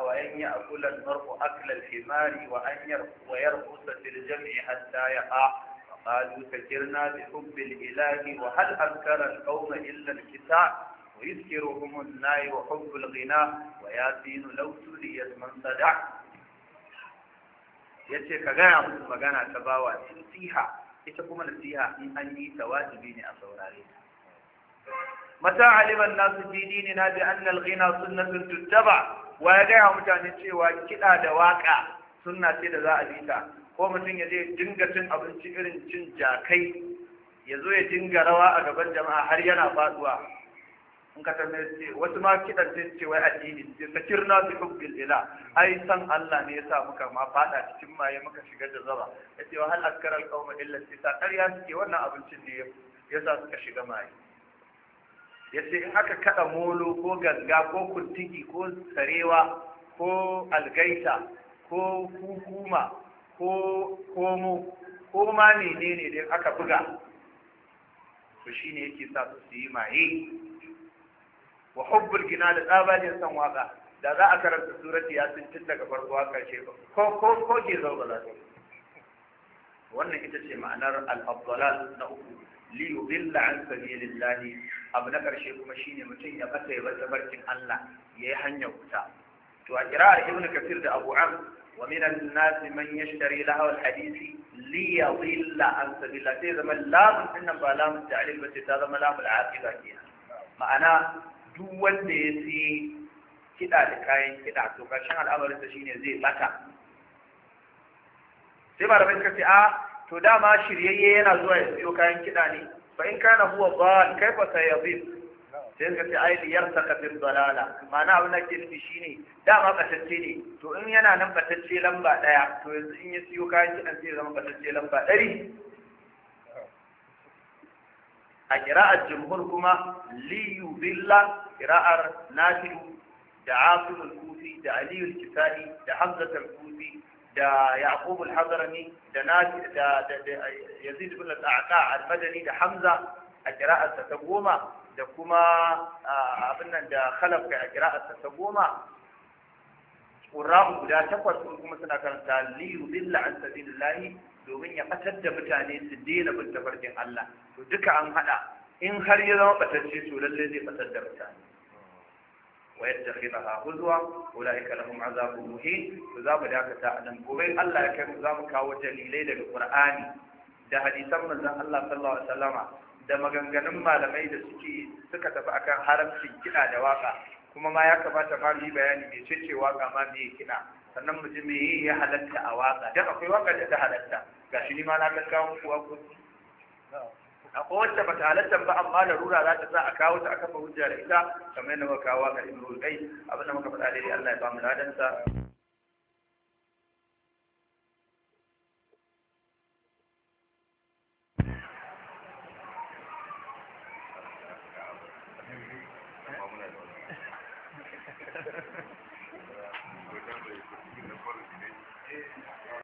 وأن يأكل المرء أكل الحمار وأن ويرقص في الجمع حتى يقع وقالوا سكرنا بحب الإله وهل أنكر القوم إلا الكتاب ويذكرهم الناي وحب الغناء وياسين لو تليت من صدع yace ka gaya musu magana ta bawa nasiha ita kuma nasiha in an yi ta wajibi ne a saurare ta mata aliman nasu dini ne na bi annal ghina sunnatun tuttaba wa ya gaya mutane cewa kiɗa da waƙa sunna ce da za a bi ta ko mutum ya je dinga cin abinci irin cin jakai ya zo ya dinga rawa a gaban jama'a har yana faduwa in ka tambaye wasu ma kiɗan zai ce wai addini ce kirna, bi hubbil ila ai san Allah ne yasa muka ma fada cikin maye muka shiga da zaba yace wa hal askara al qawma illa sita ƙarya suke wannan abincin ne yasa suka shiga maye yace haka kada molo ko ganga ko kuntigi ko sarewa ko algaita ko hukuma ko komo ko ma menene dai aka buga to shine yake sa su yi maye wa hubbul gina da tsabagen san waka da za a karanta surati yasin tun daga farko har karshe ba ko ko ko ke zo ba za wannan ita ce ma'anar al-afdalal na uku li yudilla an sabilillahi abu na karshe kuma shine mutum ya fata ya bata barkin Allah yayi hanyar wuta to a qira'ar ibnu kafir da abu am wa min an-nas man yashtari lahu al-hadisi li yudilla an sabilillahi sai zama lamun ba lamun ta'lil ba ce ta zama lamun al-aqiba kenan ma'ana duk wanda ya fi kiɗa da kayan kiɗa to ƙarshen al'amarinsa shine zai tsaka sai ba da suka ce a to dama shiryayye yana zuwa ya siyo kayan kiɗa ne fa in kana huwa ba kai sayabin sai suka ce ai liyartaka bil dalala ma'ana abin da ke nufi shine dama batacce ne to in yana nan batacce lamba daya to yanzu in ya siyo kayan kiɗan zai zama batacce lamba ɗari a kira'ar jimhur kuma Liyu billa قراءة ناشد ده عاصم الكوفي ده علي الكفائي دا حمزة الكوفي ده يعقوب الحضرمي دا ناشد دا دا دا يزيد بن الأعقاع المدني ده حمزة قراءة التقومة ده كما آه، أبنا ده خلف قراءة التقومة والرغم ده تقوى سنكم سنة لي ليضل عن سبيل الله دومين يقتد ده بتاني سدين بنت فرجين الله ودك عن هذا إن خرج ما للذي قتد بتاني wa yattakhidaha huzwa ulaika lahum azabun muhin to za dakata a nan gobe Allah ya kai za mu kawo dalilai daga Qur'ani da hadisan manzon Allah sallallahu alaihi wasallama da maganganun malamai da suke suka tafi akan haramcin kiɗa da waka kuma ma ya kamata ma yi bayani mai cece waka ma me kiɗa sannan mutum me ya halatta a waka da akwai waka da ta halatta gashi ni ma na gaggawa kuwa akwai wacce bata halatta ba amma larura za ta sa a kawo ta a kafa hujja da ita kamar yadda muka kawo ga imrul kai abin da muka faɗa daidai Allah ya ba mu ladansa